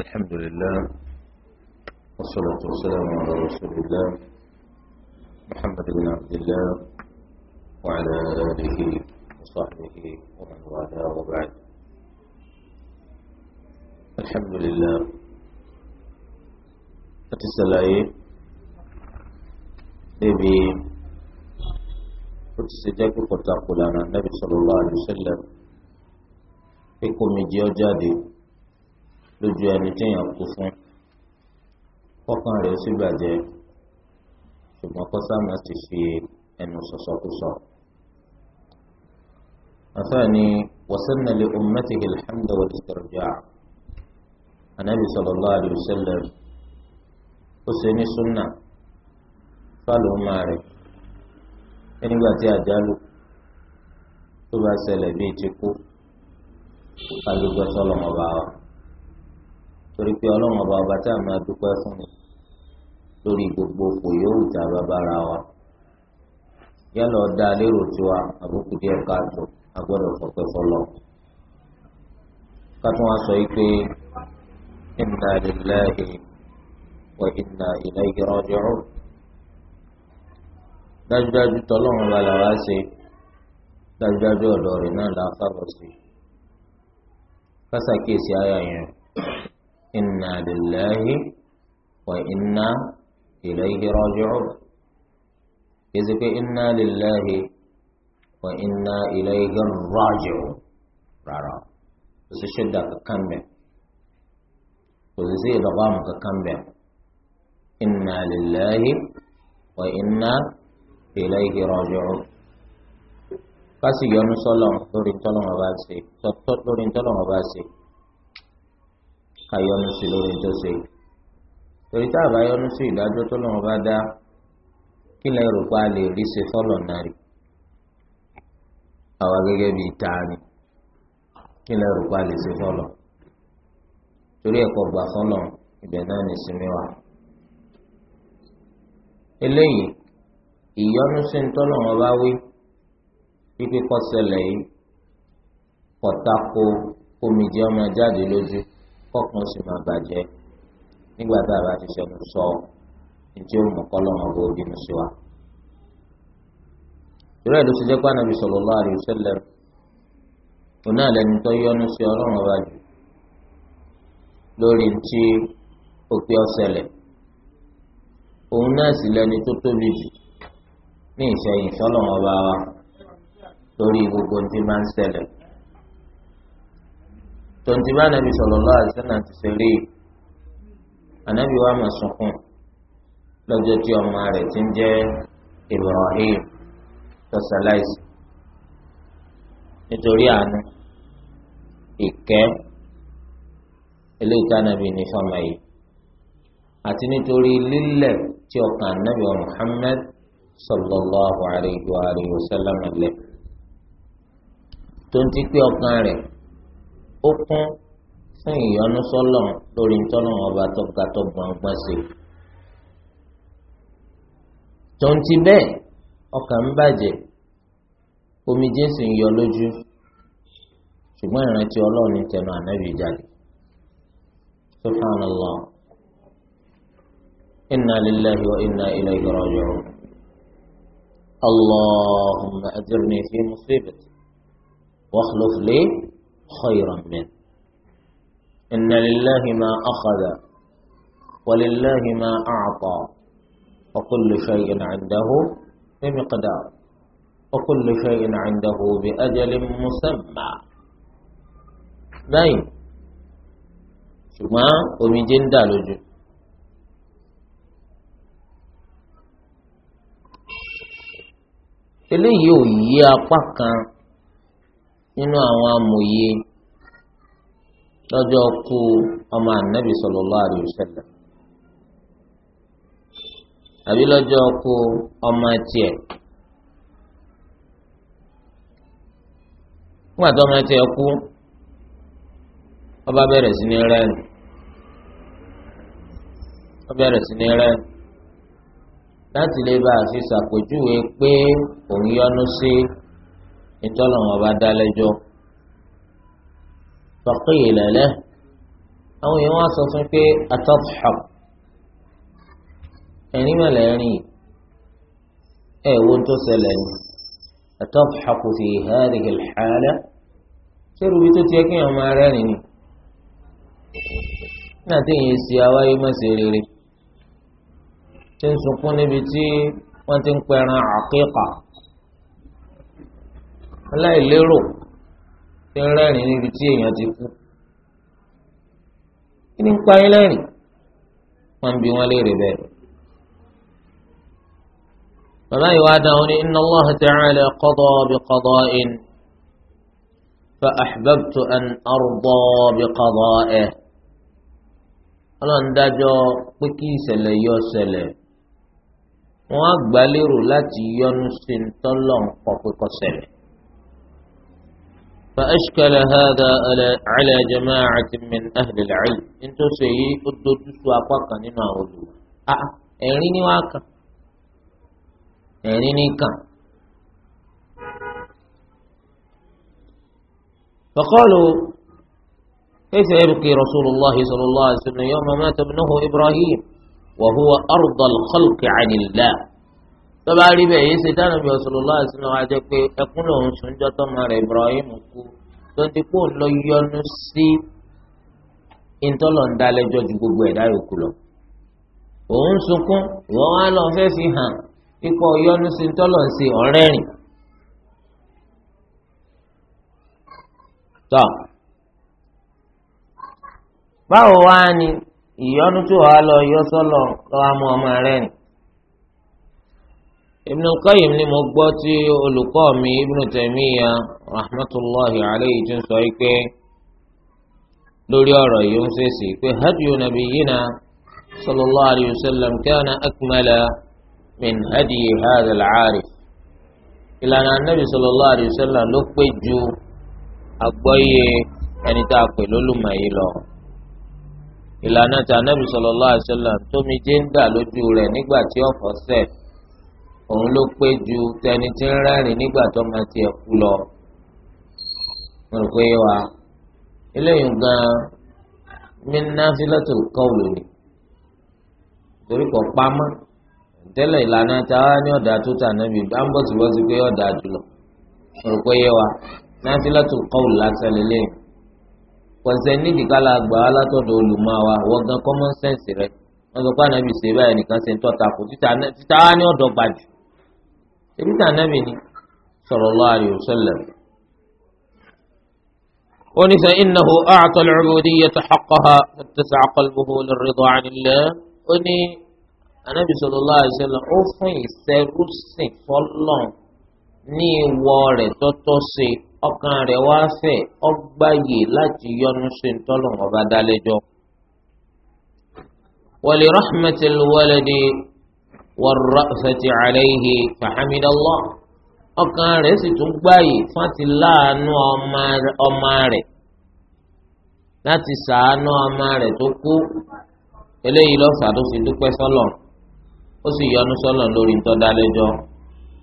الحمد لله والصلاة والسلام على رسول الله محمد بن عبد الله وعلى آله وصحبه ومن والاه وبعد الحمد لله أتسلعي نبي قدس سجاك قد النبي صلى الله عليه وسلم ikú من جيو جادي lójú ẹni téèyàn kú fún kọ́kàn rẹ̀ ó sì bàjẹ́ ṣùgbọ́n kọ́sàmù ti fi ẹnu sọ̀sọ́kúsọ. àfààní wasanna li ummatihi alhamda wa istirja' anabi sallallahu alayhi wa sallam ó ṣe ní sunna fálùmá rẹ̀ nígbà tí àjálù tó bá ṣẹlẹ̀ bíi ti kú kálukú sọlọ́mọba wa. torí pé ọlọ́run ọba ọba tá a máa dúpẹ́ fún lórí gbogbo òpò yòówù tá a bá wa yálà lérò tiwa àbùkù díẹ̀ káàtó agbọ́dọ̀ fọpẹ́ fọlọ́ kátó wá sọ pé inna lillahi wa inna ilayhi raji'un dájúdájú tọ́lọ́run ọba làwa ṣe dájúdájú rẹ̀ náà fàbọ̀ sí inna lillahi wa inna ilayhi raji'un kìsì pé inna lillahi wa inna ilayhi raji'un rárá kò sí ṣẹ́dá kankan bẹ́ẹ̀ kò sí sí ìdọ̀gbàmù kankan bẹ́ẹ̀ inna lillahi wa inna ilayhi raji'un kasi yọnu sọlọ lórí ntọlọmọba ṣe lórí ntọlọmọba ṣe ká yọ́nú sí lórí tó ṣe torí tá a bá yọ́nú sí ìdájọ́ tó lọ́wọ́ bá dá kí lẹ rò pé a lè rí ṣe fọ́lọ̀ náà rí àwa gẹ́gẹ́ bí ìtaani kí lẹ rò pé lè ṣe fọ́lọ̀ torí ẹ̀kọ́ gbà fọ́lọ̀ ibẹ̀ náà ní sinmi wa eléyìí ìyọ́nú sí ń tọ́lọ̀ wọn bá wí pípé kọ́ yìí pọ̀tako omijé ọmọ jáde lójú kọkàn sì máa bàjẹ́ nígbà tá a bá ti sẹ́nu sọ ìdí òmù kọ́lọ́mọ bó bínú sí wa. ìró ẹ̀ ló ti jẹ́ pé ànábì sallallahu alaihi wasallam òun náà lẹni tó yọ́nú sí ọlọ́run ọba jù lórí ti òpin ọ̀sẹ̀lẹ̀ òun náà sì lẹni tó tóbi jù ní ìṣẹ̀yìn sọ́lọ́run ọba wa lórí gbogbo ohun tí máa ń ṣẹlẹ̀ tonti bá anabi sallallahu alaihi wasallam ti ṣe rí anabi wa máa sunkún lọ́jọ́ tí ọmọ rẹ̀ ti ń jẹ́ Ibrahim tọ́sálàìsì nítorí àánú ìkẹ́ eléyìí tí anabi ní fọmọ yìí àti nítorí lílẹ̀ tí ọkàn anabi wa Muhammad sallallahu alaihi wa alihi wasallam lẹ̀ tonti pé ọkàn rẹ̀. ó kún fún ìyọnu sọ́lọ̀ lórí ntọ́nà ọba tọ́ka tó gbọ̀ngbọ̀n sí i. tòǹtì bẹ́ẹ̀ ọkàn ń bàjẹ́ omijé sì ń yọ lójú ṣùgbọ́n ìrántí ọlọ́run ní tẹnu ànábì jáde. subhanallah inna lillahi wa inna ilayhi raji'un. اللهم أجرني في مصيبتي واخلف لي خيرا منه إن لله ما أخذ ولله ما أعطى وكل شيء عنده بمقدار وكل شيء عنده بأجل مسمى باين ṣùgbọ́n omijé ń dà lójú eléyìí ò yí apá kan nínú àwọn amòye lọ́jọ́ kú ọmọ ànábì sallallahu alaihi wasallam àbí lọ́jọ́ kú ọmọ tiẹ̀ fún àtọ́mọ tiẹ̀ kú ọba bẹ̀rẹ̀ sí ní rẹ́ẹ̀nì ọba bẹ̀rẹ̀ sí ní rẹ́ẹ̀nì láti lè bá a fi ṣàpèjúwe pé òun yọ́nú sí. Si, ìtọ́lọ̀ wọn bá dá lẹ́jọ́ faqila lahu àwọn èèyàn wá sọ fún pé atadhak ẹ̀rín mẹ́lẹ̀ ẹ̀rín ẹ̀ wo tó ṣẹlẹ̀ ni atadhaku fi hadhihi al-hala ṣé rubi tó tiẹ̀ kí èèyàn máa rẹ́rìn ni nígbà tí èèyàn ṣe àwáyé má ṣe rere tí ń sunkún níbi tí wọ́n ti ń pẹran àkíkà aláìlérò ti ń rẹ́rìn níbi tí èèyàn ti kú kí ni ń pa yín lẹ́rìn wọ́n ń bi wọ́n léèrè bẹ́ẹ̀. bàbá yìí wá dáhùn ní inna Allah ta'ala qada bi qada'in fa ahbabtu an arda bi qada'ihi. ọlọ́run dájọ́ pé kí ìṣẹ̀lẹ̀ yọ ṣẹlẹ̀ wọ́n á gbà láti yọnu sí ń tọ́lọ̀ ń ṣẹlẹ̀. فأشكل هذا على جماعة من أهل العلم انتو سيئي قدو تسوى قوة نما ولو أه أريني آه، واكا أريني كا فقالوا كيف يبكي رسول الله صلى الله عليه وسلم يوم مات ابنه إبراهيم وهو أرضى الخلق عن الله tọ́ba rí bẹ́ẹ̀ yìí ṣe dáná bí ọ̀sọ̀lọ́lá àṣìlá wa jẹ́ pé ẹkún lòun sùn jọ́ tọ́mọ rẹ̀ Ibrahim kú tó ti kó lọ yọnu sí ìtọ́lọ̀ndálẹ́jọ́ ju gbogbo ẹ̀dá yòókù lọ. òun sunkún ìwọ wá lọ fẹ́ fi hàn ikọ̀ yọnu sí ìtọ́lọ̀ sí ọ̀rẹ́ rìn. tọ́ báwo wá ni ìyọnu tó wà lọ yọ sọ́lọ̀ lọ́wọ́ mọ́ ọmọ rẹ̀ rìn. Ibn al-Qayyim ni mo gbọ́ tí olùkọ́ mi Ibn Taymiyyah rahmatullahi alayhi ti ń sọ pé lórí ọ̀rọ̀ yìí ó ń ṣèṣì pé hadiyu nabiyyina sallallahu alayhi wa sallam kana akmala min hadiyi hadha al-aarif ìlànà anabi sallallahu alayhi wa sallam ló pé ju àgbọ́yé ẹni tá a pè lólùmọ̀ lọ ìlànà tí anabi sallallahu alayhi wa sallam tómi jẹ́ ń dà lójú rẹ̀ nígbà tí ọ̀fọ̀ sẹ́ẹ̀ òun ló pé ju tẹni tí ń rẹ́rìn nígbà tó máa tiẹ̀ kú lọ. mo rò pé wa eléyìí gan-an mi ná sílẹ̀tò kọ́ òlòdì torí kò pamọ́ tẹ́lẹ̀ ìlànà ta wá ní ọ̀dà tó tà níbi bámbọ̀sibọ́sí pé ọ̀dà jùlọ mo rò pé wa ná sílẹ̀tò kọ́ òlò lásán lélẹ́yìn pọ̀sẹ̀ nídìí kálá gbà á látọ̀dọ̀ olùmọ̀ wa wọ́n gan common sense wọ́n sọ pé ànábì ṣe báyìí nìkan ṣe ń tọ́ta kò títà á ní ọ̀dọ̀ gbàjù ebi tà nàbì ni sallallahu alayhi wa sallam. ó ní sọ innahu a'ta al-'ubudiyyata haqqaha fattasa'a qalbuhu lir-ridha 'an Allah ó ní anabi sallallahu alayhi wa sallam ó fún ìṣẹ́rúsìn fọlọ́n ní ìwọ rẹ̀ ọkàn rẹ̀ wá fẹ́ ọgbàyè láti yọnu sí ntọ́lọ́wọ́n dálẹ́jọ́. wa li rahmatil waladi. والرأفة عليه فحمد الله ọkàn rẹ̀ sì tún gbààyè fún àti láàánú ọmọ rẹ̀ láti sàánú ọmọ rẹ̀ tó kú eléyìí lọ́sà tó fi dúpẹ́ sọ́lọ̀ ó sì yọ́nú sọ́lọ̀ lórí ntọ́dálẹ́jọ́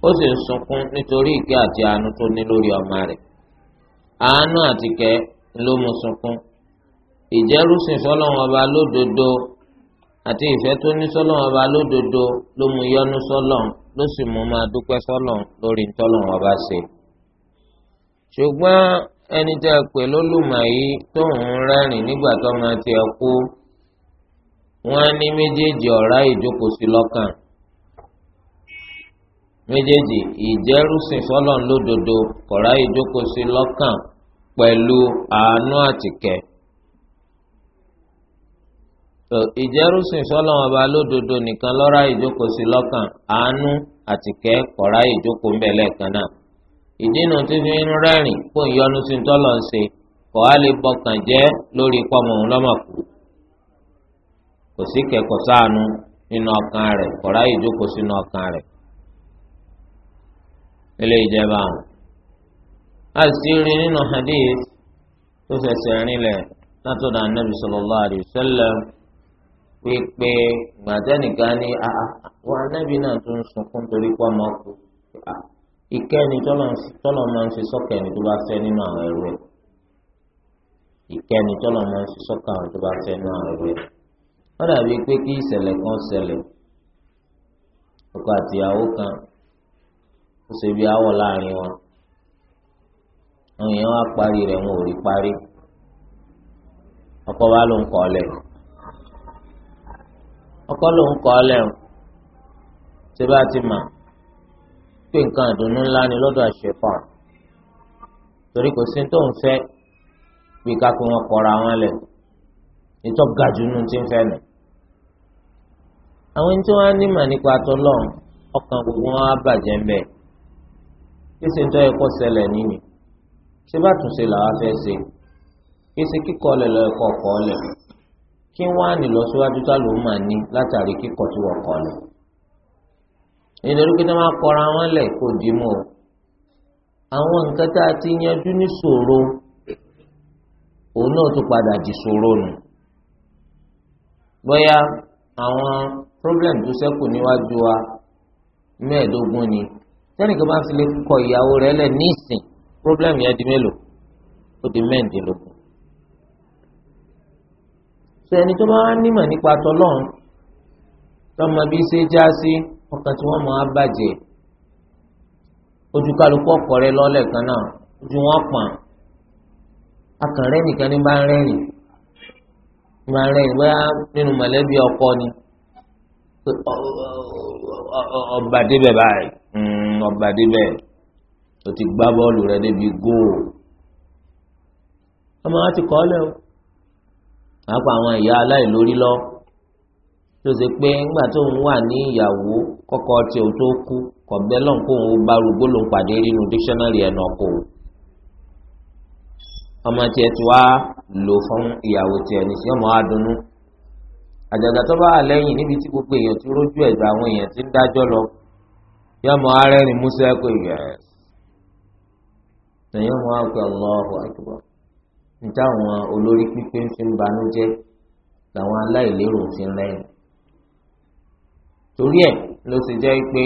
ó sì ń sunkún nítorí ìkẹ́ àti àánú tó ní lórí ọmọ rẹ̀ àánú àtìkẹ́ ló mú sunkún ìjẹ́rùsìn sọ́lọ̀ wọn bá lódodo àti ìfẹ́ tó ní sọ́lọ́n ọba lódodo ló mú yọ́nú sọ́lọ́n ló sì mú máa dúpẹ́ sọ́lọ́n lórí ntọ́lọ́n ọba ṣe. ṣùgbọ́n ẹni tẹ́ ẹ pè lólùmọ̀ yìí tó ń rẹ́rìn nígbà tó máa ti ẹ kú wọ́n ní méjèèjì ọ̀rá ìjókòó sí lọ́kàn méjèèjì ìjẹ́rùsìn sọ́lọ́n lódodo kọ̀rá ìjókòó sí lọ́kàn pẹ̀lú àánú àtìkẹ́ ìjẹ́rùsìn sọ́lọ́wọ́n ọba lódodo nìkan lọ́ra ìjókòó sí lọ́kàn àánú àtìkẹ́ kọ̀ra ìjókòó ńbẹ lẹ́ẹ̀kan náà ìdínà tó fi ń rẹ́rìn kó ń yọnu sí tọ́lọ̀ ń ṣe kọ́ á lè bọkàn jẹ́ lórí pọ́mọ òun lọ́mọ̀kú kò sí kẹ́kọ̀ọ́ sáànù nínú ọkàn rẹ̀ kọ̀ra ìjókòó sínú ọkàn rẹ̀ nílé ìjẹba àwọn. a sì rí nínú hadith tó fẹsẹ̀ rinlẹ̀ látọ̀dọ̀ pípé gbàdánìkan ní àwọn ah, ah, ah, anábì náà tó ń sunkún torí pọ́ ọmọ kú ìkẹ́ni tọ́lọ̀ máa ń fi sọ́kẹ́ ẹni tó bá fẹ́ nínú àwọn ẹrú ẹ̀ ìkẹ́ni tọ́lọ̀ máa ń fi sọ́kẹ́ àwọn tó bá fẹ́ nínú àwọn ẹrú ẹ̀ wọ́n dàbí pé kí ìṣẹ̀lẹ̀ kan ṣẹlẹ̀ ọkọ àtìyàwó kan ó ṣe bí awọ láàrin wọn àwọn èèyàn wá parí rẹ̀ wọn ò rí parí ọkọ wa ló ń kọ́ ọ lẹ́yìn ọkọ ló ń kọ́ lẹ́hìn tí bá ti mà pé nǹkan ìdùnnú ńlá ni lọ́dọ̀ àṣepọ̀n torí kò sí tó ń fẹ́ bí kápẹ́ wọn kọ̀ra wọn lẹ̀ ètò gàdúnú ti ń fẹ́ nù. àwọn tí wọ́n á nímọ̀ nípa tọ́lọ́n ọkàn gbogbo wọn á bàjẹ́ ń bẹ̀ kí ṣe ń tọ́ ẹ̀kọ́ ṣẹlẹ̀ nínú ṣé bá tún ṣe làwọn fẹ́ ṣe kí ṣe kíkọ́ lẹ̀ lọ́ ẹ̀kọ́ kọ́ lẹ̀ kí wọ́n á nílọ síwájú tá ló máa ní látàrí kíkọ̀ tí wọ́n kọ́ lẹ̀. ìlérí pé tí wọ́n á kọ́ra wọn lẹ̀ kó dì mọ́ o. àwọn nǹkan tá a ti yanjú ní ṣòro òun náà tún padà di ṣòro nù. bóyá àwọn problem tó ṣẹ́kù níwájú wa mẹ́ẹ̀ẹ́dógún ni tẹ́nìkan bá fi lè kọ ìyàwó rẹ̀ lẹ̀ nísìn problem yẹn di mélòó ó di mẹ́ẹ̀ẹ́dínlógún sọ ẹni tó bá nímọ̀ nípa tọlọ́run tọmọ bí ṣe já sí ọkàn tí wọ́n máa bàjẹ́ ojú kálukú ọ̀pọ̀ rẹ lọ́lẹ̀ kan náà ojú wọn pọ̀n akànrẹ́ nìkan ní máa ń rẹ́rìn máa ń rẹ́rìn bóyá nínú mọ̀lẹ́bí ọkọ ni ọba débẹ̀ báyìí hmm, ọba débẹ̀ o ti gbá bọ́ọ̀lù rẹ débi góò ọmọ wa ti kọ́ ọ lẹ́wọ̀ máa pa àwọn ìyá aláìlórí lọ tó ṣe pé ńgbà tó ń wà ní ìyàwó kọ́kọ́ tí o tó kú kọ̀bẹ́ lọ́n kó òun bá rúgbó ló ń pàdé nínú dictionary ẹ̀ náà kó ọmọ tiẹ̀ tí wàá lò fún ìyàwó tiẹ̀ nìṣẹ́ ọmọ adùnnú àjàgà tó bá wà lẹ́yìn níbi tí gbogbo èèyàn ti rójú ẹ̀ àwọn èèyàn ti ń dájọ́ lọ yọ ọmọ arẹ́rìn músẹ́ pé yẹ ẹ̀yìn ọmọ wa pé Allahu Akbar níta àwọn olórí pípé ń fi ń banújẹ́ làwọn aláìlérò ti ń rẹ́yìn torí ẹ̀ ló ti jẹ́ pé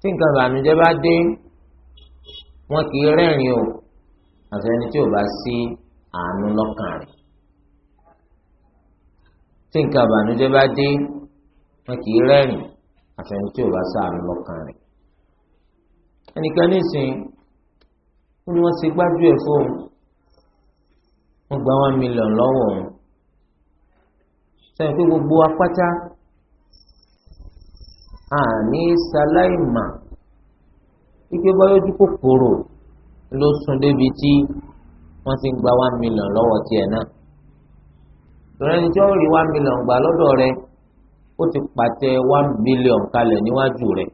tí nǹkan ìbànújẹ́ bá dé wọn kì í rẹ́rìn o àfẹni tí ò bá sí àánú lọ́kàn rẹ̀ tí nǹkan ìbànújẹ́ bá dé wọn kì í rẹ́rìn àfẹni tí ò bá sí àánú lọ́kàn rẹ̀ ẹnìkan nísìnyí ó ní wọ́n ti gbájú ẹ̀ fóun wọ́n gba one million lọ́wọ́ òun sẹ́yìn pé gbogbo apáta àní sáláìmà wípé báyọ̀dú kòkòrò ló sún débi tí wọ́n ti ń gba one million lọ́wọ́ tiẹ̀ náà lọ́rẹ́ni tí ó rí one million gbà lọ́dọ̀ rẹ̀ ó ti pàtẹ one million kalẹ̀ níwájú rẹ̀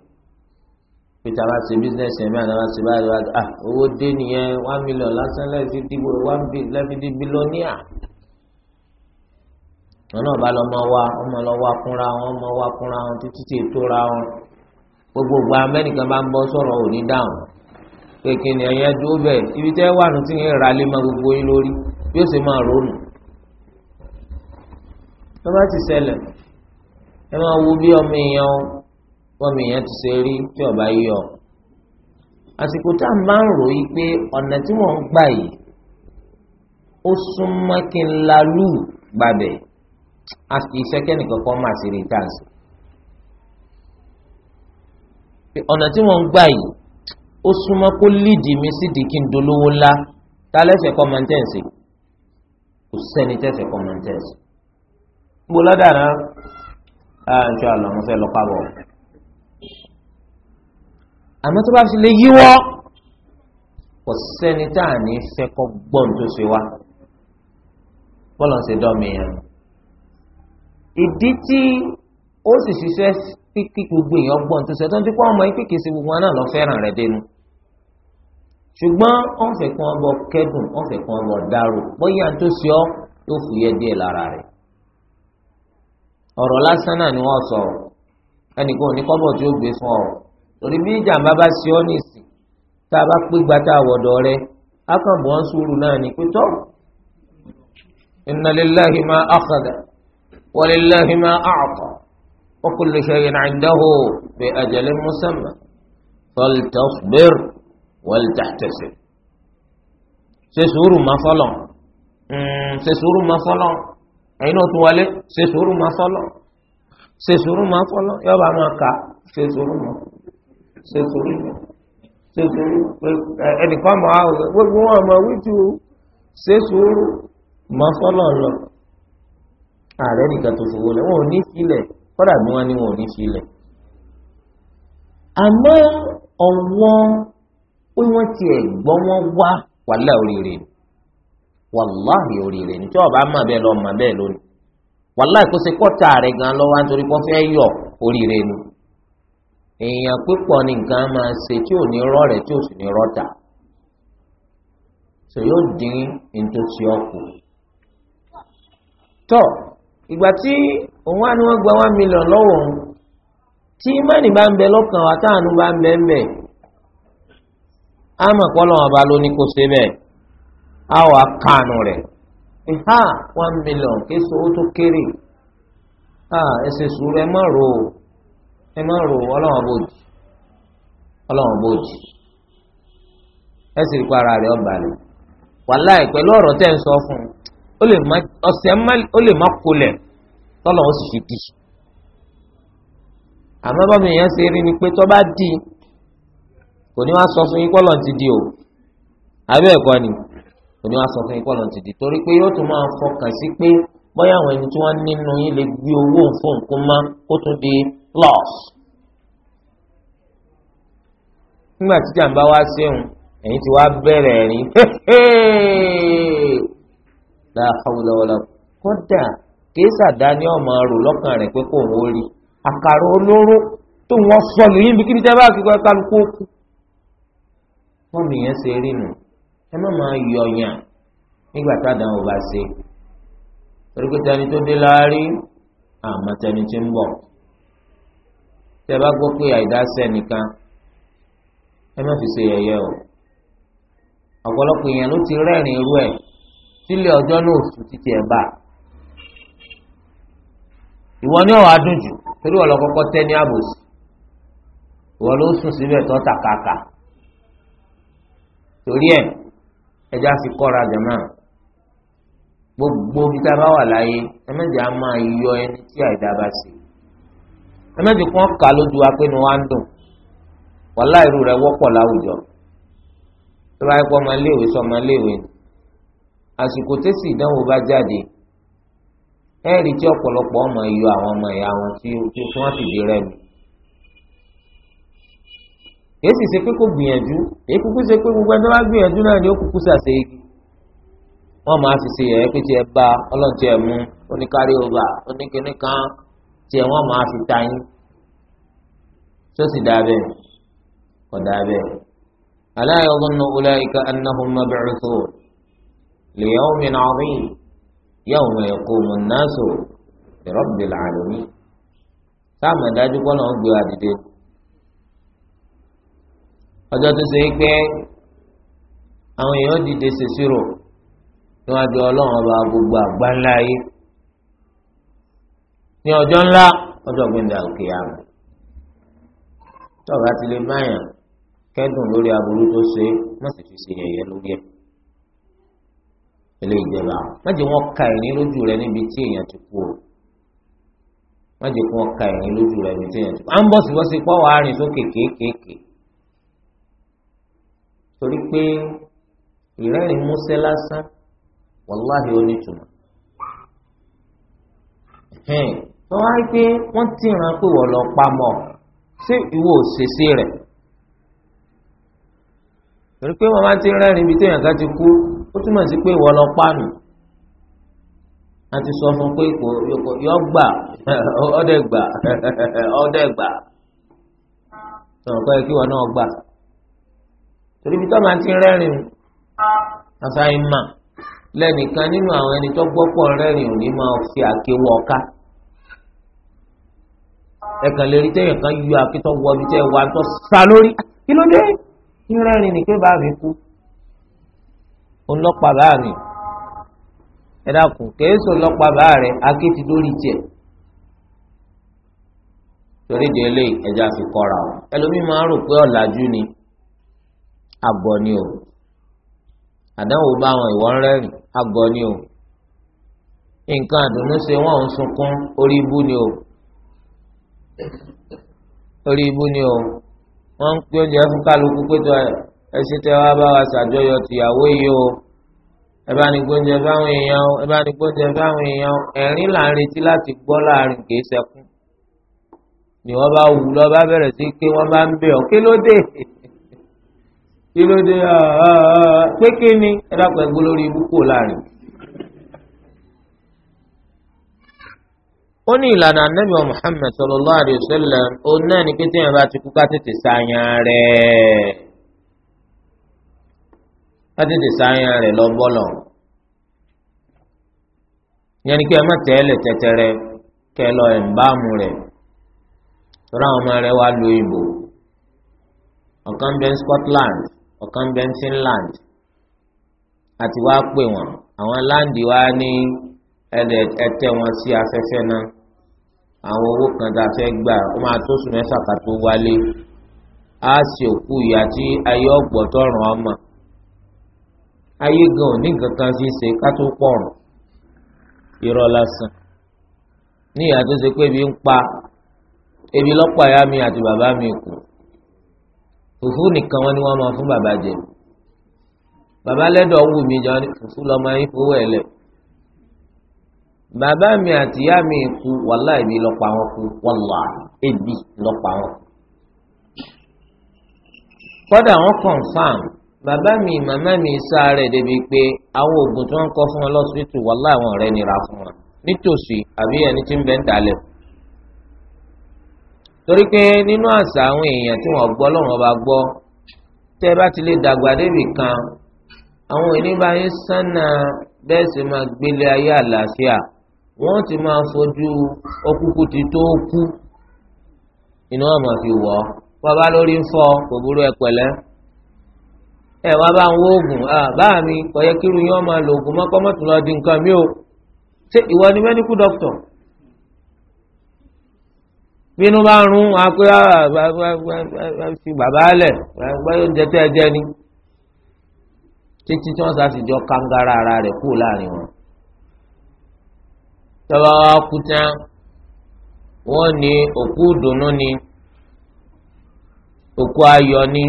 pété a bá ṣe bísíǹnẹsì ẹ̀mí àdáwà ṣe báyìí wá ah owó dé nìyẹn one million lásán lẹ́ẹ̀sì dìbò one lẹ́ẹ̀fi di bílọ́níà wọn náà bá lọ mọ wa wọn mọ lọ wa kúnra wọn mọ wa kúnra wọn títí tí ètò ra wọn gbogbogbò amẹ́nìkan bá ń bọ́ sọ̀rọ̀ òní dáhùn kéèké ni ẹ̀yẹ dúró bẹ́ẹ̀ ibi tẹ́ wà nù tí ń ra lé ma gbogbo yín lórí bí ó sì máa rónù tó bá ti ṣẹlẹ̀ ẹ máa wo bí ọmọ èèyàn bọ́mi yẹn ti ṣe rí tí ọba yí ọ. àsìkò tá a máa ń ròyìn pé ọ̀nà tí wọ́n ń gbà yìí ó súnmọ́ kí n la lù gbàbẹ̀ iṣẹ́ kẹ́nìkan kan máa ṣe rí táàsì. ọ̀nà tí wọ́n ń gbà yìí ó súnmọ́ kó lídì mi sídìí kí n dolówó ńlá ta lẹ́sẹ̀ kọ́ máa ń tẹ̀sí kò sẹ́ni tẹ̀sẹ̀ kọ́ máa ń tẹ̀sí. ń bo lọ́dà náà ṣe àlọ́ mo fẹ́ lọ pàbọ̀ àmọ́ tó bá fi lè yíwọ́ kò sẹ́ni tá à ní fẹ́ kọ́ gbọ́n tó ṣe wá bọ́lá ń ṣe dọ́mi yẹn ìdí tí ó sì ṣiṣẹ́ kí gbogbo èèyàn gbọ́n tó ṣe tó ń dípọ́ ọmọ yìí kékeré sí gbogbo wọn náà lọ fẹ́ràn rẹ̀ dénú ṣùgbọ́n wọ́n fẹ́ kí wọ́n bọ kẹ́dùn wọ́n fẹ́ kí wọ́n bọ dárò bóyá tó ṣe ọ́ yóò fúyẹ́ díẹ̀ lára rẹ̀ ọ̀rọ̀ lásán náà ni wọ́n sọ ẹnìkan ò ní kọ́bọ̀ tí ó gbé fún ọ torí bí ìjàmbá bá ṣe ọ́ nìsí tá a bá pé gbàtà àwọ̀dọ̀ rẹ akànbọ̀ ń sùúrù náà ní pé tọ́ inna lillahi ma akhadha wa lillahi ma a'ta wa kullu shay'in 'indahu bi ajalin musamma faltasbir ṣe sùúrù máa fọlọ̀ hmm, ṣe sùúrù máa fọlọ̀ ẹ̀yin náà tún wọlé ṣe sùúrù máa fọlọ̀ ṣe sùúrù máa fọlọ̀ yọba máa kà ṣe sùúrù máa fọlọ̀ ṣe sùúrù ṣe sùúrù ẹnìkan mọ̀ àwọn gbogbo wọn mọ̀ wíjú ṣe sùúrù mọ̀ fọ́lọ̀ lọ. ààrẹ nìkan tó fowó lẹ wọn ò ní sílẹ̀ kọ́dà bí wọ́n ní wọn ò ní sílẹ̀. àmọ́ ọ̀wọ́n pé wọ́n tiẹ̀ gbọ́ wọn wá wàhálà oríire ni wàláhì oríire ni tí ọba mọ̀ bẹ́ẹ̀ lọ mọ̀ bẹ́ẹ̀ lónìí wàláhì kó ṣe kọ́ta rẹ̀ gan lọ́wọ́ nítorí kó fẹ́ yọ oríire ni. èèyàn pípọ̀ ní nǹkan máa ṣe tí ò ní rọ́ rẹ̀ tí ò sì ní rọ́ta tó yóò dín ìtòsí ọkù. tọ́ ìgbà tí òun á gba one lọ́wọ́ òun tí ma bá ń bẹ lọ́kàn wa táànù bá ń bẹ ń bẹ á mọ̀ pọ́ lọ́wọ́ bá ló kó ṣe bẹ́ẹ̀ á wà kànù rẹ̀ kéré sùúrù ẹ má rò ọlọ́wọ́n bòjì ọlọ́wọ́n bòjì ẹ sì rí para rẹ̀ ọgbà lẹ̀ wàláì pẹ̀lú ọ̀rọ̀ tẹ́ ń sọ fún un ó lè má kulẹ̀ tọ́lọ̀ ó sì fi dì àmọ́ bọ́mọ èèyàn ṣe rí ni pé tọ́ bá dì kò ní wá sọ fún yín kọ́lọ̀ ti di o àbí ẹ̀kọ́ ni kò ní wá sọ fún yín kọ́lọ̀ ti di torí pé yóò tún máa fọkàn sí pé bóyá àwọn ẹni tí wọ́n nínú yín lè gbé owó fún nǹkan mọ́ kó tún di loss. nígbà tí jàǹbá wá séun ẹ̀yin ti wá bẹ̀rẹ̀ ẹ̀rín la hawla wala kódà kìí sàdáni ọmọ rò lọ́kàn rẹ̀ pé kò wọ́n rí àkàrà olóró tó wọ́n sọ lóyún bí kí ni tẹ́ bá kíkọ́ kálukú kú. wọ́n nìyẹn ṣe rí nù ẹ má máa yọ̀yàn nígbà tádàn ò bá ṣe torí pé tani tó dé láárí àmọ́ tani ti ń bọ̀ tẹ́ bá gbọ́ pé àìdásẹ́ nìkan ẹ má fi ṣe yẹ̀yẹ́ o ọ̀pọ̀lọpọ̀ èèyàn ló ti rẹ́rìn irú ẹ̀ sílé ọjọ́ náà oṣù títí ẹ̀ bá ìwọ ni ọ̀wá dùn jù torí ọ̀lọ́ kọ́kọ́ tẹ́ ní àbòsí ìwọ ló sùn síbẹ̀ tó tàkàkà torí ẹ̀ ẹja fi kọ́ra jẹ̀mọ́ gbogbo ibi tá a bá wà láyé ẹ mẹ́jẹ̀ á máa yọ ẹni tí àìdá bá sí ẹmẹ́jì kan kà lójú wa pé ni wọ́n á ń dùn wàhálà irú rẹ̀ wọ́pọ̀ láwùjọ tó bá yẹ kó ọmọ iléèwé sọ ọmọ iléèwé ni àsìkò tẹ́sí ìdánwò bá jáde ẹ̀rí tí ọ̀pọ̀lọpọ̀ ọmọ yọ àwọn ọmọ ìyá wọn tí wọ́n sì di rẹ̀ mi èyí ṣe pé kó gbìyànjú èyí kúkú ṣe pé gbogbo ẹni bá gbìyànjú náà ni ó kúkú ṣàṣe igi wọn máa ṣiṣẹ́ yẹ̀yẹ́ pé tí ẹ bá ọlọ́ọ̀tì ẹ̀ mú oníkárí ọba oníkíní kan tí ẹ wọ́n máa fi ta yín tó sì dáa bẹ́ẹ̀ kò dáa bẹ́ẹ̀. ala yazunnu ulaika annahum mab'uthun li yawmin 'azim yawma yaqumu an-nasu li rabbil 'alamin. sáàmù dájú kọ́ náà ń gbé àdìdé ọjọ́ tó ṣe é pé àwọn èèyàn dìde ṣèṣirò níwájú ọlọ́run ọba gbogbo àgbáńlá yìí. ní ọjọ́ ńlá ọjọ́ gbẹ̀ndà òkè àmì tọ́ba ti lè báyà kẹ́dùn lórí aburú tó ṣe má sì fi ṣe yẹ̀yẹ́ lórí ẹ̀ ilé ìjẹba má jẹ́ wọ́n ka ẹ̀yìn lójú rẹ níbi tí èèyàn ti kú wọ́n ka ẹ̀yìn lójú rẹ níbi tí èèyàn ti kú o à ń bọ̀ sí wọ́n sí pọ́wọ́ àárín sókè kéékèèké torí wọ́n wá rí pé wọ́n ti ràn pé wọ́n lọ pamọ́ sí ìwọ òṣèṣe rẹ̀ torí pé wọ́n bá ti rẹ́rìn ibi téèyàn kan ti kú ó túmọ̀ sí pé wọ́n lọ pàánù a ti sọ fún pé kò yọ gbà ọdẹ gbà ọdẹ gbà tọ̀rọ̀ pé kí wọn náà gbà torí ibi tó máa ti rẹ́rìn àṣà ìmà nínú àwọn ẹni tó gbọ́pọ̀ rẹ́rìn ò máa fi àkéwọ́ ká ẹ̀kan lè rí téèyàn kan yọ akitọ́ wọbi tẹ́ wà tó sá lórí kí ló dé ìrẹ́rìn ni pé báàmì kú ọlọ́pàá báàmì ẹ dákun kèésì ọlọ́pàá báà rẹ̀ akéèti lórí tiẹ̀ torí di eléyìí ẹja fi kọ́ra o ẹlòmíì máa ń rò pé ọ̀làjú ni àgọ̀ ni o àdánwò bá àwọn ìwọ ń rẹ́rìn ni o nǹkan àdùnnú ṣe wọ́n ń sunkún orí ibú ni o orí ibú ni o wọ́n ń pín oúnjẹ fún kálukú péjọ ẹsẹ tẹ wá bá wa ṣàjọyọ̀ tìyàwó yìí o ẹ bá ní gbóúnjẹ fáwọn èèyàn ẹ bá ní gbóúnjẹ fáwọn èèyàn ẹ̀rín là ń retí láti gbọ́ láàrin kìí ṣẹkún ni wọ́n bá wù lọ bá bẹ̀rẹ̀ sí pé wọ́n bá ń bẹ̀ ọ́ kí ló dé kí ló dé ah, ah, ah. pé kí ni ẹ dápẹ́ gbó lórí ibú kò láàrin. ó ní ìlànà anábìá Muhammad sallallahu alayhi wa sallam òun náà pé bá ti kú ká tètè sáyàn ká tètè lọ bọlọ yẹn ni kí ẹ má tẹ́lẹ̀ tẹ́tẹ́rẹ́ kẹ lọ ẹ̀ ń bá mu rẹ̀ tọ́lá àwọn ọmọ rẹ̀ wá lu ìbò ọ̀kan bẹ Scotland ọ̀kan bẹ Finland àti wá pè wọ́n àwọn láǹdì wá ní wọn sí afẹ́fẹ́ náà àwọn owó kan tá a fẹ́ gbà ó máa tó sùn mẹ́fà ká tó wálé á sì òkú ìyá tí ayé ọ̀gbọ̀ tọ̀ràn ọmọ ayé gan ò ní kankan fi ṣe ká tó pọ̀rùn irọ́ lásán ní ìyá tó ṣe pé ebi ń pa ebi lọ́pọ̀ àyà mi àti bàbá mi kù fùfú nìkan wọn ni wọ́n máa fún bàbá jẹ bàbá lẹ́dọ̀ wù mí jọ fùfú lọ́mọ yín fowó ẹ̀ lẹ̀ bàbá mi àti ìyá mi kú wàhálà ìbí lọ́pọ̀ àwọn kú wàhálà ebi lọ́pọ̀ àwọn kú. kọ́dà wọ́n confam bàbá mi màmá mi sáré débi pé àwọn oògùn tí wọ́n kọ́ fún wọn lọ́sítù wàhálà àwọn ọ̀rẹ́ nira fún wọn nítòsí àbí ẹni tí ń bẹ ń dalẹ̀. torí pé nínú àṣà àwọn èèyàn tí wọ́n gbọ́ lọ́rùn ọba gbọ́ tẹ́ bá ti lè dàgbà débì kan àwọn ènìyàn bá yín sánà bẹ́ẹ̀ sì máa gbélé ayé àlàáfíà wọ́n ti máa fojú okúkú ti tó kú inú ọmọ fi wọ̀ ọ́ bàbá lórí ń fọ́ kò burú ẹ pẹ̀lẹ́ ẹ wá bá ń wóògùn bá mi kò yẹ kí irú yẹn máa lo oògùn mọ́kọ́ mọ́tò lọ́ọ́ di nǹkan mi o ṣé ìwọ ni mẹ́díkù dọ́kítọ̀ bínú bá ń rún apẹ́ fi bàbá lẹ̀ gbáyọ̀ oúnjẹ tẹ́ ẹ jẹ ni títí tí wọ́n sá ti jọ kangara ara rẹ̀ kú láàrin wọn tọ́ba wa kú tán wọ́n ní òkú dùnú ni òkú ayọ̀ ni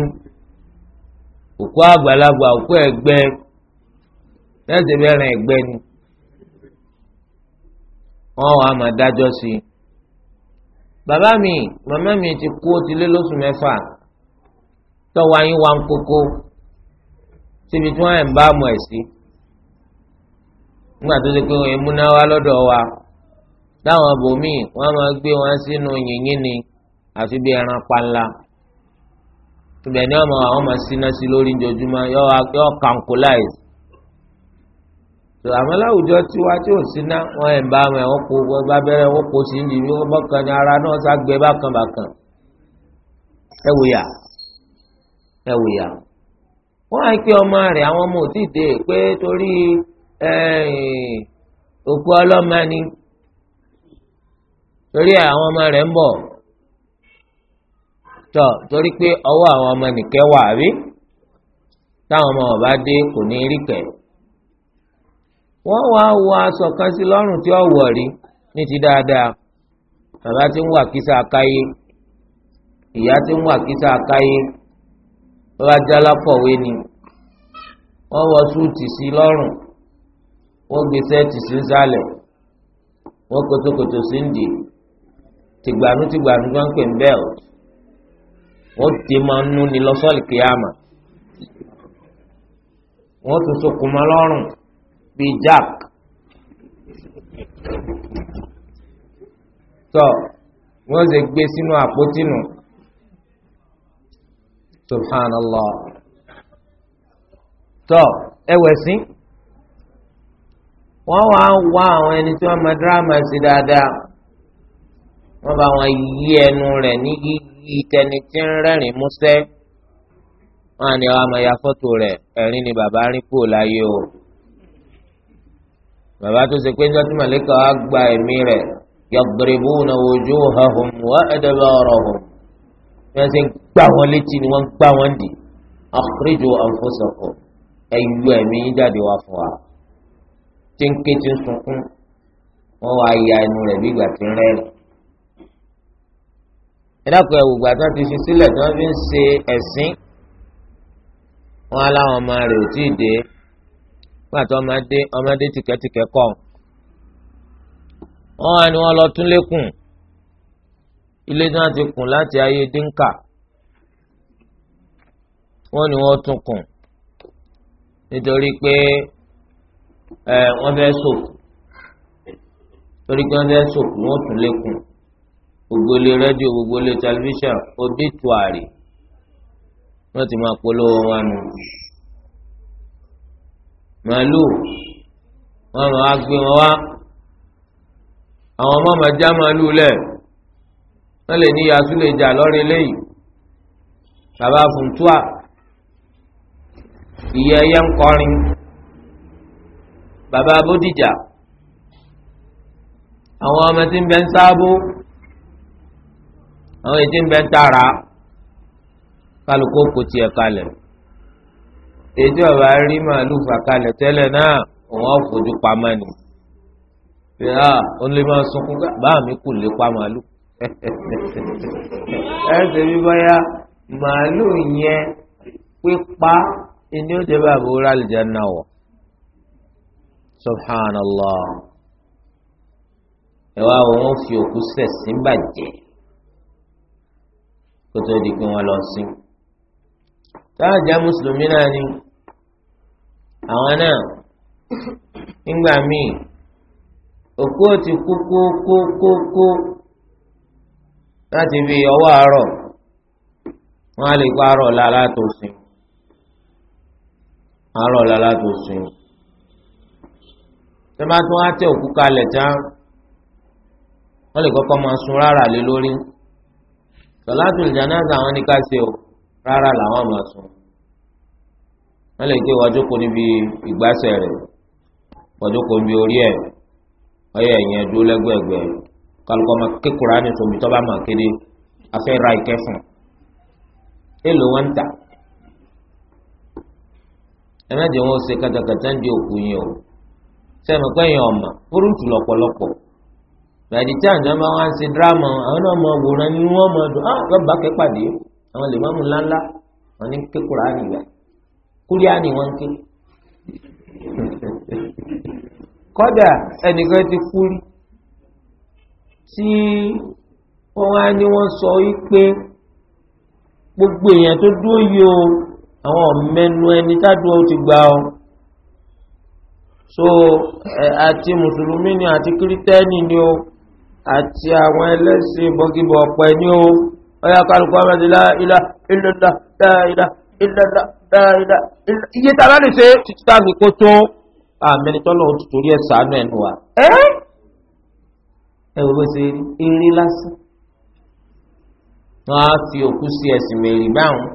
òkú àgbàlagbà òkú ẹ̀gbẹ́ lẹ́sẹ̀ bẹ́ẹ̀rẹ̀ ẹ̀gbẹ́ ni wọ́n wàá máa dájọ́ sí i. bàbá mi màmá mi ti kú ó ti lé lóṣù mẹ́fà tọ́wọ́ ayé wa ń kókó síbi tí wọ́n ẹ̀ ń bá mọ̀ ẹ̀ sí. Si nígbà tó ṣe pé wọn èmú náà wá lọ́dọ̀ wa láwọn abòmíì wọn máa gbé wọn sínú yìnyín ni àfi bí ẹran panla ibẹ̀ ni wọn àwọn máa síná sí lórí ojoojúmọ́ yọ kankulize tó àmọ́ láwùjọ tiwa tí ò síná wọn ẹ̀ ń bá wọn ẹ̀wọ́n kó wọn bá bẹ̀rẹ̀ wọn kó sí níbi wọn bọ́kàn ní ara náà ságbẹ́ bákan bákan ẹ wòyà ẹ wòyà wọn àìpé ọmọ rẹ̀ àwọn ọmọ òtítẹ pé torí. òkú ọlọ́mọ ni torí àwọn ọmọ rẹ̀ ń bọ̀ tọ̀ torí pé ọwọ́ àwọn ọmọ nìkẹ́ wà rí táwọn ọmọ ọba dé kò ní rí kẹ̀. wọ́n wá wọ aṣọ kan sí lọ́rùn tí ó wọ̀ rí ní ti dáadáa bàbá tí ń wà kísà káyé ìyá tí ni wọ́n wọ súùtì sí wọ́n gbé sẹ́ẹ̀tì sí nsàlẹ̀ wọ́n kótókótó sí ndì tìgbànú tìgbànú wọ́n pè ń bẹ́ẹ̀t wọ́n dè máa ń nú ni lọ́sọ̀lì kìámà wọ́n tún sokùn mọ́ lọ́rùn bíi jack tọ́ wọ́n ṣe gbé sínú àpótí nù subhanallah tọ́ ẹwẹ̀ sí wọ́n wá wá àwọn ẹni tí wọ́n máa dírámà sí dáadáa wọ́n bá wọn yí ẹnu rẹ̀ ní yíyí tẹni tí ń rẹ́rìn músẹ́ wọ́n á ní àwọn àmọ́ ya fọ́tò rẹ̀ ẹ̀rín ni bàbá rí kú láyé o bàbá tó ṣe pé ń màlẹ́kà wá gba ẹ̀mí rẹ̀ yadribuna wujuhahum wa adbarahum bí wọ́n ṣe ń gbá wọn létí ni wọ́n ń gbá wọn dì akhriju anfusakum ẹ̀yú ẹ̀mí jáde wá fún wa tí ń ké tí ń sunkún wọn wá ya ẹnu rẹ̀ bí ìgbà tí ń rẹ́rìn. ìdákùn ẹ̀wù ìgbà tí wọ́n ti fi sílẹ̀ tí wọ́n fi ń ṣe ẹ̀sìn wọn á láwọn ọmọ rẹ̀ ò tíì dé nígbà ọmọdé ọmọdé tìkẹ́tìkẹ́ kọ̀ wọn wá ní wọn lọ tún lékùn ilé náà ti kùn láti ayé dínkà wọn ni wọn tún kùn nítorí pé ẹ wọ́n fẹ́ sòkù torí pé wọ́n fẹ́ sòkù wọ́n tún lékun gbogbo ilé rédíò gbogbo ilé tẹlifíṣàn odi tu àrè wọ́n ti máa polówó wọn nù màálùú wọ́n máa gbé wọn wá àwọn ọmọ máa já màálùú lẹ̀ wọ́n lè ní yasú lè jà lọ́rọ̀ eléyìí bàbá fùntúà ìyẹ́ ẹyẹ ń kọrin bàbá Bódìjà àwọn ọmọ tí ń bẹ ń sáábó àwọn èyí tí ń bẹ ń tààrà kálukó kò tiẹ̀ kalẹ̀ èyí tí bàbá rí màálù fà kalẹ̀ tẹ́lẹ̀ náà òun á pamọ́ ni pé a ó lè máa sunkún báà mi kù lè pa màálù ẹ ṣe bí bọ́yá màálù yẹn pípa ni ó jẹ́ bàbá ó rà lìjẹ́ náà wọ̀. subhanallah ẹ wá wọn fi òkú sẹ̀sìn bàjẹ́ kó tó di pé wọ́n lọ sí táàjà mùsùlùmí náà ni àwọn náà nígbà míì òkú ti kú kú láti fi ọwọ́ àárọ̀ wọ́n á lè pa àárọ̀ tẹ́lá tó wá tẹ òkú kalẹ̀ tán wọ́n lè kọ́kọ́ máa sun rárá lé lórí salatul janaza àwọn ní ká ṣe o rárá làwọn máa sun wọ́n lè gbé wájókòó níbi ìgbásẹ̀ rẹ̀ wájókòó níbi orí ẹ̀ ọyọ ẹ̀yìn ẹ̀dúró lẹ́gbẹ̀ẹ́gbẹ́ kálukọ́ máa ké Kùránì tòmí tọ́ máa kéde afẹ́ ra ìkẹfùn èlò wọn ń ẹ̀mẹ́jẹ̀ wọn ò ṣe kàtàkàtà ń di òkú yẹn o sẹ́mi pẹ́yìn ọ̀mà fúrúùtù lọ́pọ̀lọpọ̀ bàdí tí àná máa wá sí dírámà àwọn náà máa wòran ni wọ́n máa dùn áà ah, lọ́ba kẹ́pàdé àwọn lè má mú ńláńlá wọn ní ké Kùránì rẹ̀ Kùránì wọn ké. kọ́dà ẹnìkan ti kú rí tí wọ́n wá ní wọ́n sọ wípé gbogbo èèyàn tó dúró yìí o àwọn ọ̀mẹ́nu ẹni tá a dúró ti gbà ọ́ so eh, àti mùsùlùmí ni àti kìrìtẹ́nì ni o àti àwọn ẹlẹ́sìn bọ́gìbọ̀ ọ̀pẹ ni o ọ̀yà kálukú amẹ́tí láìlá ìlọ́dà láìlá ìlọ́dà láìlá iye tá a bá lè ṣe títí tá a fi kó tó àmẹ́nitọ́lọ́ òtún torí ẹ̀ sànú ẹ̀nu wa. ẹ ẹ wo bó ṣe eré lásán wọn á fi òkú sí ẹ̀sìn mẹ́rin báwọn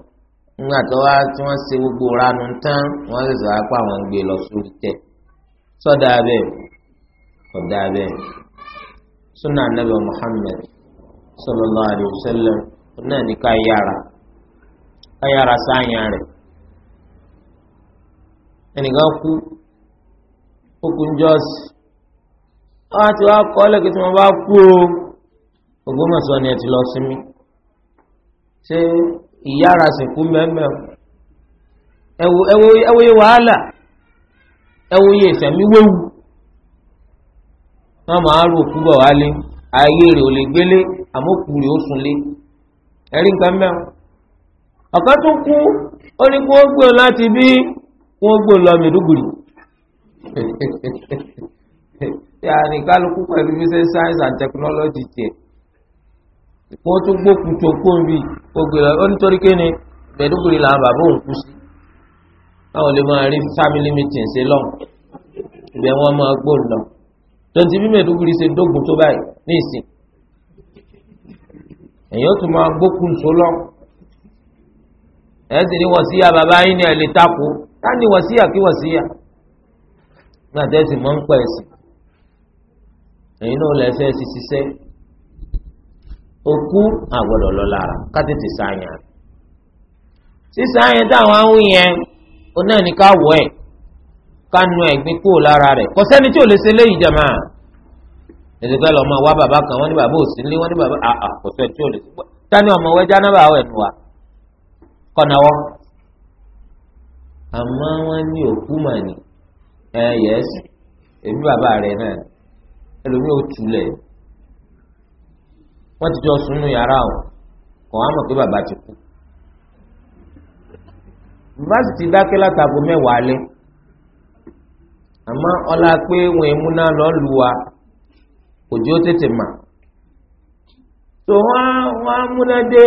nígbà tó wá tí wọ́n ṣe gbogbo ranu tán wọ́n ṣẹ̀ṣẹ̀ wá pa àwọn gbé lọ sórí tẹ̀ sọdọ abẹ sọdọ abẹ sunna anabi muhammed sallallahu alayhi wa sallam náà ní ká yára ká yára sáàyàn rẹ ẹnìkan kú ó kú ń jọ́sì wọ́n á ti wá kọ́ lẹ́kìtì wọn bá kú o Ògbómọ̀ṣọ́ ni ẹ ti lọ sinmi ṣé ìyára sì kú mẹ́mẹ́ ẹ̀wọ̀ ẹ̀wọ̀ ẹ̀wọ̀ yẹ wàhálà ẹ̀wọ̀n yẹ ìsẹ̀mí wéwu wọ́n máa rò òkú bọ̀ wálé ayé rẹ̀ ò lè gbélé àmókù rẹ̀ ó sunlé ẹ̀rí nǹkan mẹ́rin ọ̀kan tó kú ó ní kó gbé o láti bí kó gbé o lọ mẹ́dúgùrì yàrá ìkálukú pẹ̀lú business science and technology tiẹ̀ kó tó gbókùn tó kó ń bì kó gbé lọ ó nítorí kéne mẹ́dúgùrì làwọn bàbá òun kú sí àwọn lè máa rí family meeting ṣe lọ ibẹ̀ wọ́n máa gbóòn lọ tonti bí mẹ́ẹ̀ẹ́dógún ṣe dógùn tó báyìí ní ìsìn èyàn tún máa gbókun so lọ ẹ̀ sì ní wọ̀síyà bàbá yín ni ẹ̀ lè takò ká ní wọ̀síyà kí wọ̀síyà nígbà tẹ́ sì mọ́ ń pẹ̀ sí èyí náà lẹ́sẹ̀ sí ṣiṣẹ́ òkú àgbọ̀dọ̀ lọ lára ká tètè sáyàn sísáyàn táwọn àwọn yẹn ó náà ní ká wọ̀ ẹ̀ ká nu ẹ̀gbin kúrò lára rẹ̀ kò sẹ́ni tí ò lè ṣe léyìí jàmá ẹ̀dẹ̀gbẹ́ lọ ọmọ wa bàbá kan wọ́n ní bàbá òsínlé wọ́n ní bàbá àkọsẹ́ tí ò lè ṣe tani ọmọ wẹ́jà náà bá wẹ̀ nù wa kọ́nàwọ́ àmọ́ wọ́n ní òkú mà ní ẹ yẹ́sì èmi bàbá rẹ̀ náà ẹlòmíì ò túlẹ̀ wọ́n ti jọ sunu yàrá o kò wọ́n á mọ̀ pé bàbá ti kú yunifásitì ti dákẹ́ látago mẹ́wàá alẹ́ àmọ́ ọlá pé wọn èmú náà lọ lù wá òjò tètè mà tó wọn wọn á múná dé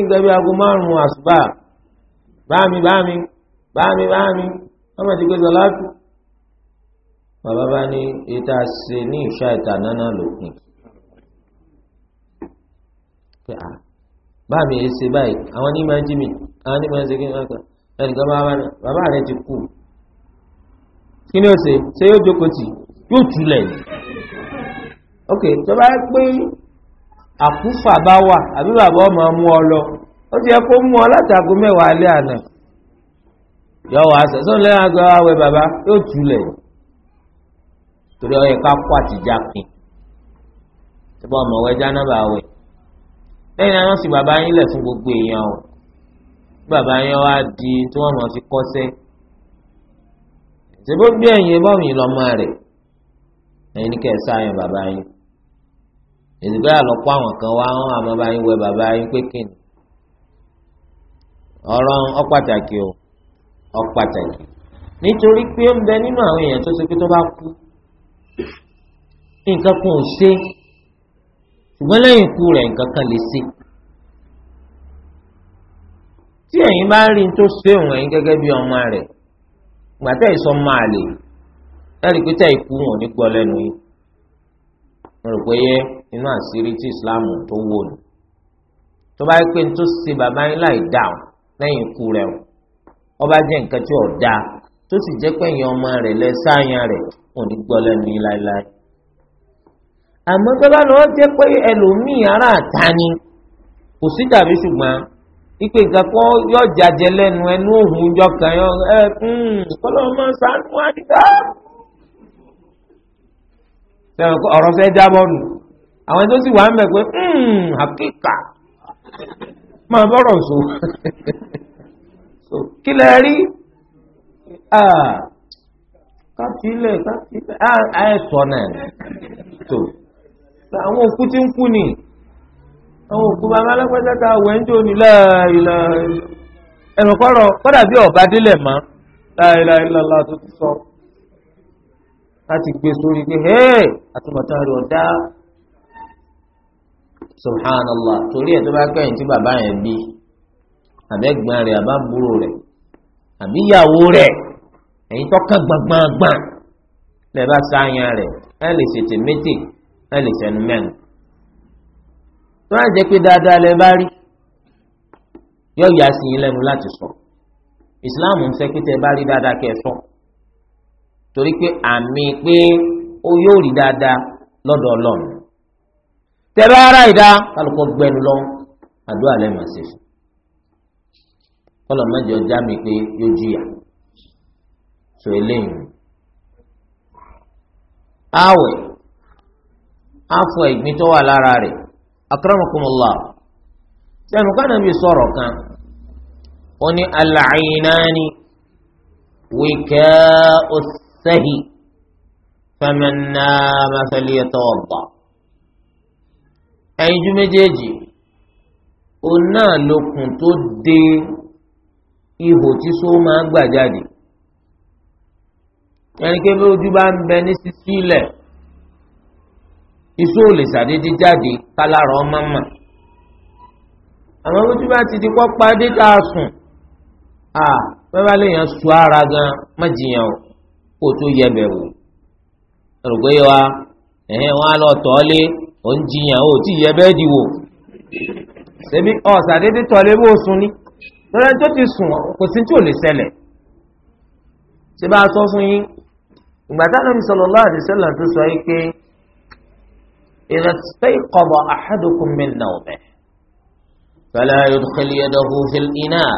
nǹkan bí aago márùn-ún àṣùbà báàmì báàmì báàmì báàmì wọn mọ̀ sí pé sọlá tù bàbá bá ní ìta ṣe ní ìṣá ìta náná lòpin báàmì èsè báyìí àwọn ní máa jí mi àwọn ní máa ṣe kí n máa ẹnìkan bá wọn bàbá rẹ ti kú kí ni ó ṣe ṣé yóò jókòó tì yóò túlẹ̀ ni ok tó bá yẹ pé àkúfà bá wà àbí bàbá ọmọ mú ọ lọ ó ti yẹ kó mú ọ látàgó mẹ́wàá alẹ́ àná yọ wá sẹ́sọ́n lẹ́yìn àgọ́ àwẹ̀ bàbá yóò túlẹ̀ torí ọyẹ ká kó àtijá pin tó bá ọmọ wẹ́jà náà bá wẹ̀ lẹ́yìn náà wọ́n sì bàbá yín lẹ̀ fún gbogbo èèyàn o bàbá yẹn wá di tí wọ́n mọ̀ fi kọ́sẹ́ ṣèbó bí ẹ̀yin bọ́ọ̀mù yìí lọ́mọ rẹ̀ ẹ̀yin ní kẹsà yẹn bàbá yẹn ìdìbò àlọ́pọ̀ àwọn kan wá wọn àmọ́ bá yín wẹ bàbá yín pé kí ni ọ̀rọ̀ ọ̀pàtàkì o ọ̀pàtàkì nítorí pé ń bẹ nínú àwọn èèyàn tó ṣe pé tó bá kú nǹkan kan ò ṣe ṣùgbọ́n lẹ́yìn ikú rẹ̀ nǹkan kan lè ṣe tí ẹ̀yin bá rí tó ṣéun ẹ̀yin gẹ́gẹ́ bí ọmọ rẹ̀ gbàtẹ́ ìsọmọ àlè ẹ̀rí pé tẹ́ ikú wọn ní gbọ́ lẹ́nu yìí mo rò pé yẹ inú àṣírí tí Islam tó wò ní tó bá yẹ pé tó ṣe bàbá yín láì dà ọ lẹ́yìn ikú rẹ̀ ọ bá jẹ́ nǹkan tí ò dáa tó sì jẹ́ pé ẹ̀yin ọmọ rẹ̀ lẹ sáàyàn rẹ̀ wọn ní gbọ́ lẹ́nu yìí láéláé àmọ́ tó bá lọ́ọ́ jẹ́ pé ẹlòmíì ará àta kò sí tàbí ṣùgbọ́n ipe nǹkan kan yọ jàjẹ lẹ́nu ẹnu òhun jọ kàn yọ ẹ kọlọmọ hmm, máa sànú àdìgbà. sẹ́wọ̀n ọ̀rọ̀ fẹ́ jábọ̀ nù àwọn tó sì wà ń bẹ̀ pé àkíkà hmm, máa bọ̀rọ̀ sọ kí lẹ rí káfílẹ̀ káfílẹ̀ ẹ̀ sọ náà tó àwọn òkú ti ń kú nìyí. àwọn òkú bàbá alágbèjà ta wẹ̀ ń jò ní láìlà ẹ̀rọ kọ́rọ̀ kọ́dà bí ọ̀bá délẹ̀ mọ́ láìlà tó ti sọ láti gbé sórí pé rẹ̀ ọ̀dá subhanallah torí ẹ̀ tó bá kẹ́yìn tí bàbá yẹn bí àbẹ́gbọ́n rẹ̀ àbábúrò rẹ̀ àbíyàwó rẹ̀ ẹ̀yin gbọ̀ngbọ̀ngbọ̀n rẹ̀ ẹ̀ lè ṣètè ẹ̀ lè tó máa jẹ́ pé dáadáa lẹ bá rí yóò yà sí yín lẹ́nu láti sọ islam ń fẹ́ pé tẹ bá rí dáadáa kẹ́ sọ torí pé àmì pé ó yóò rí dáadáa lọ́dọ̀ ọlọ́run tẹ bá ara ìdá kálukọ gbẹnu lọ àdúrà lẹ́ẹ̀ máa ṣe fún kọlọ mẹjọ já mi pé yóò jìyà sọ eléyìí àwẹ̀ afọ ìgbín tó wà lára rẹ̀ akramakumullah sẹ́nu kánà bí sọ̀rọ̀ kan ó ní alàyínáni wíkẹ́ ọ̀sẹ́hì fẹ́mẹ́nà mẹ́fẹ́lẹ́tọ̀ ọ̀gbà ẹ̀yinjú méjèèjì òun náà lókun tó dé ihò tí só máa gbà jáde ẹnikẹ́ni ojú bá ń bẹ ní sísílẹ̀. Si iṣu ò lè ṣàdédé jáde kálára ọmọ mà àwọn ojú bá ti di kọ́ padé tá a sùn à bẹ́ẹ̀ lèèyàn su ara gan má jiyàn o kó o tó yẹ bẹ̀ wò wa ẹ̀hìn wọn á lọ tọ́ ò ń jiyàn o tí yẹ bẹ́ẹ̀ di wò ṣebí ọ̀ ṣàdédé tọ́ bó o sùn ni lọ́dọ̀ tó ti sùn kò sí tí ò lè ṣẹlẹ̀ ṣé bá a sọ fún yín ìgbà táwọn Ànábì sallallahu alaihi wasallam tó sọ yìí pé. إذا استيقظ أحدكم من نومه فلا يدخل يده في الإناء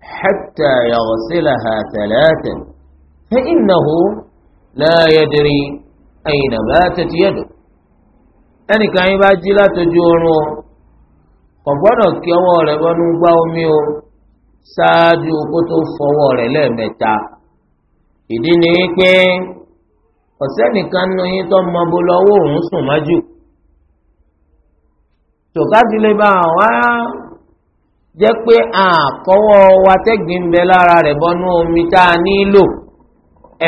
حتى يغسلها ثلاثا فإنه لا يدري أين باتت يده ẹnì kan yín bá jí látọjú oorun o kò gbọ́dọ̀ kí ọwọ́ rẹ̀ bọ́nú gbá omi o ṣáájú kó tó fọwọ́ rẹ̀ lẹ́ẹ̀mẹ́ta ìdí ni pé ọ̀sẹ́ nìkan nu yín tó mọ bó lọ́wọ́ òun sùn májú tòkátìlẹ́ bá wá jẹ́ pé àkọ́wọ́ wa tẹ́gbìn bẹ lára rẹ̀ bọ́nú omi tá a nílò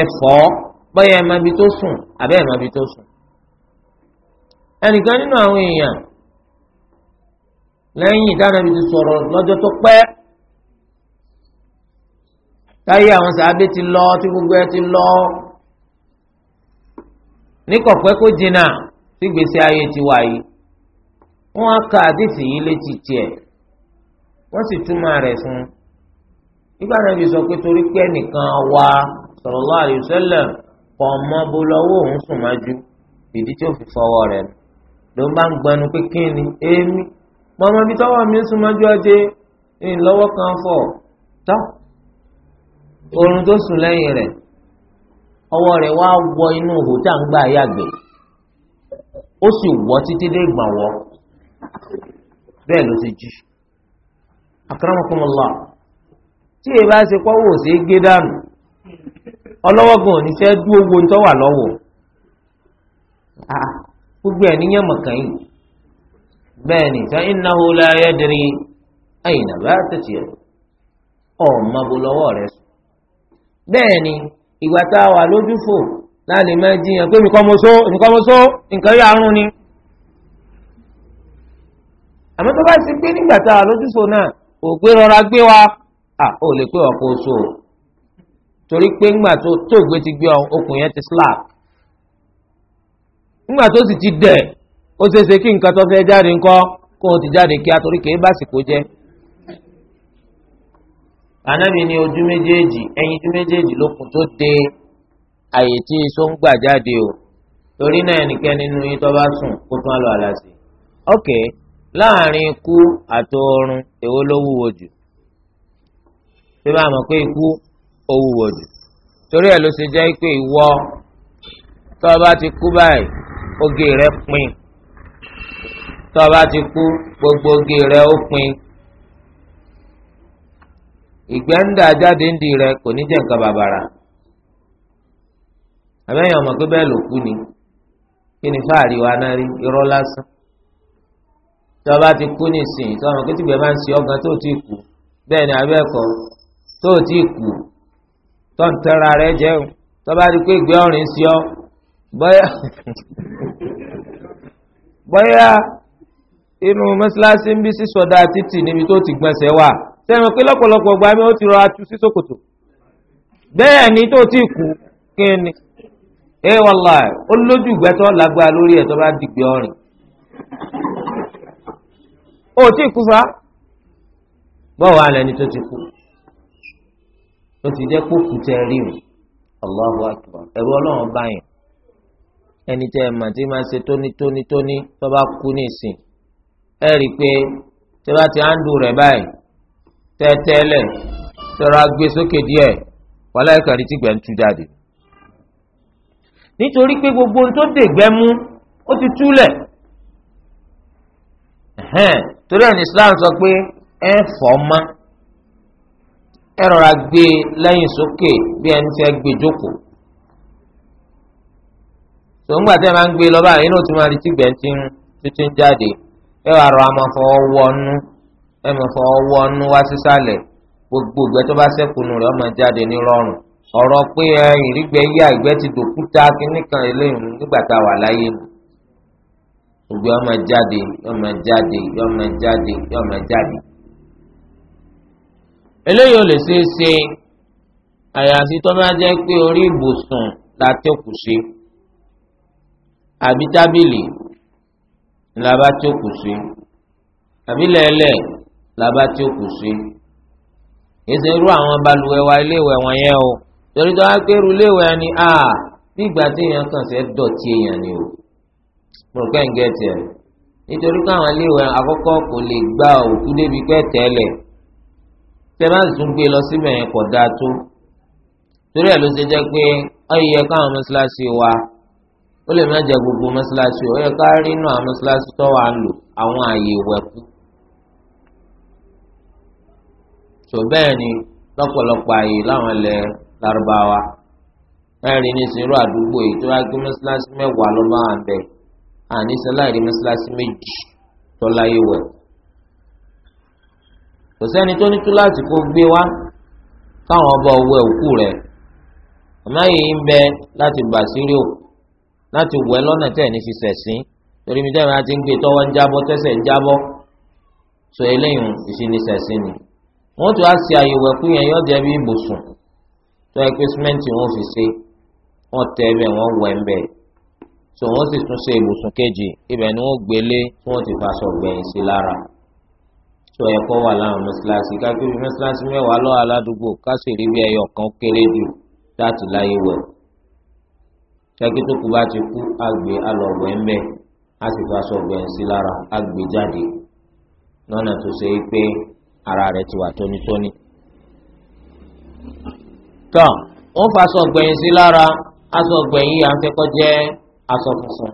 ẹ̀fọ́ bọ́yá ẹ̀ mọbi tó sùn àbẹ́ ẹ̀ mọbi tó sùn ẹnìkan nínú àwọn èèyàn lẹ́yìn ìdánabi ti sọ̀rọ̀ lọ́jọ́ tó pẹ́ táyé àwọn sàábé ti lọ tí gbogbo ẹ ti lọ ní kọ̀pẹ́ kó jìnnà sí gbèsè ayé tiwa yìí wọ́n á ka àdìsí yìí létí tiẹ̀ wọ́n sì túmọ̀ rẹ̀ fún un nígbà náà bí sọ pé torí pé ẹnìkan wa sallallahu alaihi wasallam kọ̀ ọmọ bó lọ́wọ́ òun sùn májú ìdí tí ó fi fọwọ́ rẹ̀ ló ń bá ń gbanu pé kí ni èmi mọ̀mọ́ ibi tọ́wọ́ mi ń sùn májú ọjẹ́ ìlọ́wọ́ kan fọ̀ tán oorun tó sùn lẹ́yìn rẹ̀ ọwọ́ rẹ̀ wá wọ inú ihò tá à ń gbà yàgbẹ́ ó sì wọ́ títí dé ìgbàwọ́ bẹ́ẹ̀ ló ti jí akramakumullah tí èyí bá ṣe pọ́wọ́ ò sí gé dànù ọlọ́wọ́ gan òní fẹ́ dúró wo ń tọ́wà lọ́wọ́ ah, gbogbo ẹ̀ níyàn mọ̀kàn yìí bẹ́ẹ̀ ni ìgbà tá a wà lójúfò láàlè máa jiyàn pé nìkan mo àrùn ni. àmọ́ tó bá ti pé nígbà náà gbé rọra gbé wa à lè pé ọkọ̀ oṣù o torí pé ńgbà tó tó gbé ti gbé okùn yẹn ti slap ńgbà tó ti dẹ̀ ó ṣeéṣe kí nǹkan tó fẹ́ o ti jáde kí a torí anabi ní ojú méjèèjì ẹyin ojú méjèèjì lókun tó dé àyè tí iṣó ń gbà jáde o torí náà ẹnikẹ́ni nínú yín tó bá sùn kó tún á lọ àlàsì. ok láàrin ikú àti oorun èwo ló wúwo jù ṣé bá a mọ̀ pé ikú ó wúwo jù torí ẹ̀ ló ṣe jẹ́ pé ìwọ tó o bá ti kú báyìí oge rẹ pin tó o bá ti kú gbogbo oge rẹ ó pin. ìgbẹ́ ń dà jáde ń di rẹ kò ní jẹ́ nǹkan bàbàrà àbẹ́yẹn ọmọ pé bẹ́ẹ̀ ló kú ni kí ni fáàrí wa náà rí irọ́ lásán tí wọ́n bá ti kú nísìnyí tí wọ́n mọ̀ pé tìgbẹ́ máa ń tó ti kú bẹ́ẹ̀ ni abẹ́ẹ̀kọ́ tó ti kú tó ń tẹ́ra rẹ jẹun bá ìgbẹ́ ọ̀rìn sí ọ inú wà. sẹ́wọ̀n pé lọ́pọ̀lọpọ̀ gba mi ó ti rọra tu sí ṣòkòtò bẹ́ẹ̀ ni tó ti kú kí ni ẹ wallahi ó lójú ìgbẹ́tọ́ lágbára lórí ẹ̀ tó bá dìgbẹ́ ọ̀rìn ó ti kú fa bọ́ọ̀ wà lẹ́ni tó ti kú tó ti jẹ́ kó kù tẹ́ rí o Allahu akbar ẹ̀rù ọlọ́run báyìí ẹni tẹ́ ẹ̀ mà tí máa ṣe tónítónítóní tó bá kú ní ìsìn ẹ̀ rí i pé tí wọ́n ti á ń dùn rẹ̀ báyìí. tẹ́tẹ́lẹ̀ sọ̀rọ̀ gbé sókè díẹ̀ wàhálà ìkàrí tí gbẹ̀ ń tú jáde. nítorí pé gbogbo ohun tó dègbẹ́ mú ó ti túlẹ̀ torí ẹni Islam sọ pé ẹ fọ́ mọ́ ẹ rọra gbé lẹ́yìn sókè bí ẹni fẹ́ gbé jókòó tòǹgbà tẹ máa ń gbé lọ́ba yìí ló ti máa rí tí gbẹ̀ ń ti ń jáde ẹ wàá rọ àmọ́ fọwọ́ wọnú. ẹ máa fọ ọwọ́ nú wá sísàlẹ̀ gbogbo ìgbẹ́ tó bá sẹ́kùnù rẹ̀ ọmọ jáde ní rọrùn ọ̀rọ̀ pé ẹ ìrígbẹ́ yá ìgbẹ́ ti dòkúta kínníkan eléyìí nígbà tá a wà láyé ni gbogbo ọmọ jáde ọmọ jáde ọmọ jáde ọmọ jáde. eléyìí ò lè ṣeé ṣe àyàfi tó bá jẹ́ pé orí ìbùsùn la tẹ́kù sí àbí tábìlì la bá tẹ́kù sí àbí lẹ́lẹ́ẹ̀ labá tí ó kù sí èsì irú àwọn balùwẹ̀ wa iléèwẹ̀ wọn yẹn o torí tó wá pé iléèwẹ̀ ni a bí ìgbà tí èèyàn kàn sí dọ̀tí èèyàn ni o mo rò pé ń gẹ tiẹ̀ nítorí káwọn iléèwẹ̀ àkọ́kọ́ kò lè gba òkú débi pẹ́ tẹ́lẹ̀ tẹ́lẹ̀ tún gbé lọ síbẹ̀ yẹn kọ̀ dáa tó torí ẹ̀ ló ṣe jẹ́ pé ó yẹ káwọn mọ́ṣáláṣí wa ó lè má jẹ gbogbo mọ́ṣáláṣí ó yẹ ká rí inú àwọn mọ́ṣáláṣí tó wà ń lò àwọn àyè ìwẹ̀kú tó bẹ́ẹ̀ ni lọ́pọ̀lọpọ̀ àyè láwọn ilẹ̀ Lárúbáwá ẹ̀rín ní sinrú àdúgbò yìí tó wáá gbé mọ́ṣáláṣí mẹ́wàá ló máa ń bẹ̀ àní sáláìrí mọ́ṣáláṣí méjì tó láyé wẹ̀. kò sẹ́ni tó ní túláàsì kó gbé wá káwọn ọba ọwọ́ òkú rẹ̀ àmọ́ yìí ń bẹ láti gbà sírí òkú láti wẹ̀ lọ́nà tẹ̀ ní fi sẹ̀sìn torí mi tẹ́ mi á ti ń gbé tọ́wọ́ ń jábọ́ tẹ́sẹ̀ ń jábọ́ so eléyìí ìsinisẹ̀sìn ni wọ́n tún á ṣe àyẹ̀wò ẹ̀kú yẹn yọ jẹ́ bí ibùsùn tó yẹ pé símẹ́ǹtì wọn fi ṣe wọ́n tẹ́ ẹ̀bẹ̀ wọ́n wọ ẹ̀ńbẹ̀ tó wọ́n sì tún ṣe ibùsùn kejì ibẹ̀ ni wọ́n gbélé tí wọ́n ti faṣọ gbẹ̀yìn sí lára tó yẹ kó wà láwọn mọ́ṣáláṣí kápẹ́ bí mọ́ṣáláṣí mẹ́wàá aládùúgbò káṣí rí bí ẹyọ kan kéré jù láti láyé wẹ̀ kẹ́kẹ́ tó kú bá ti kú àgbẹ̀ alọ̀wẹ̀ ẹ̀ńbẹ̀ á sì faṣọ gbẹ̀yìn sí lára àgbẹ̀ jáde lọ́nà tó ṣe é pé ara rẹ ti wà tónítóní. tọ́ wọ́n fa aṣọ sí lára aṣọ ọ̀gbẹ̀yìn yìí ń jẹ́ aṣọ funfun.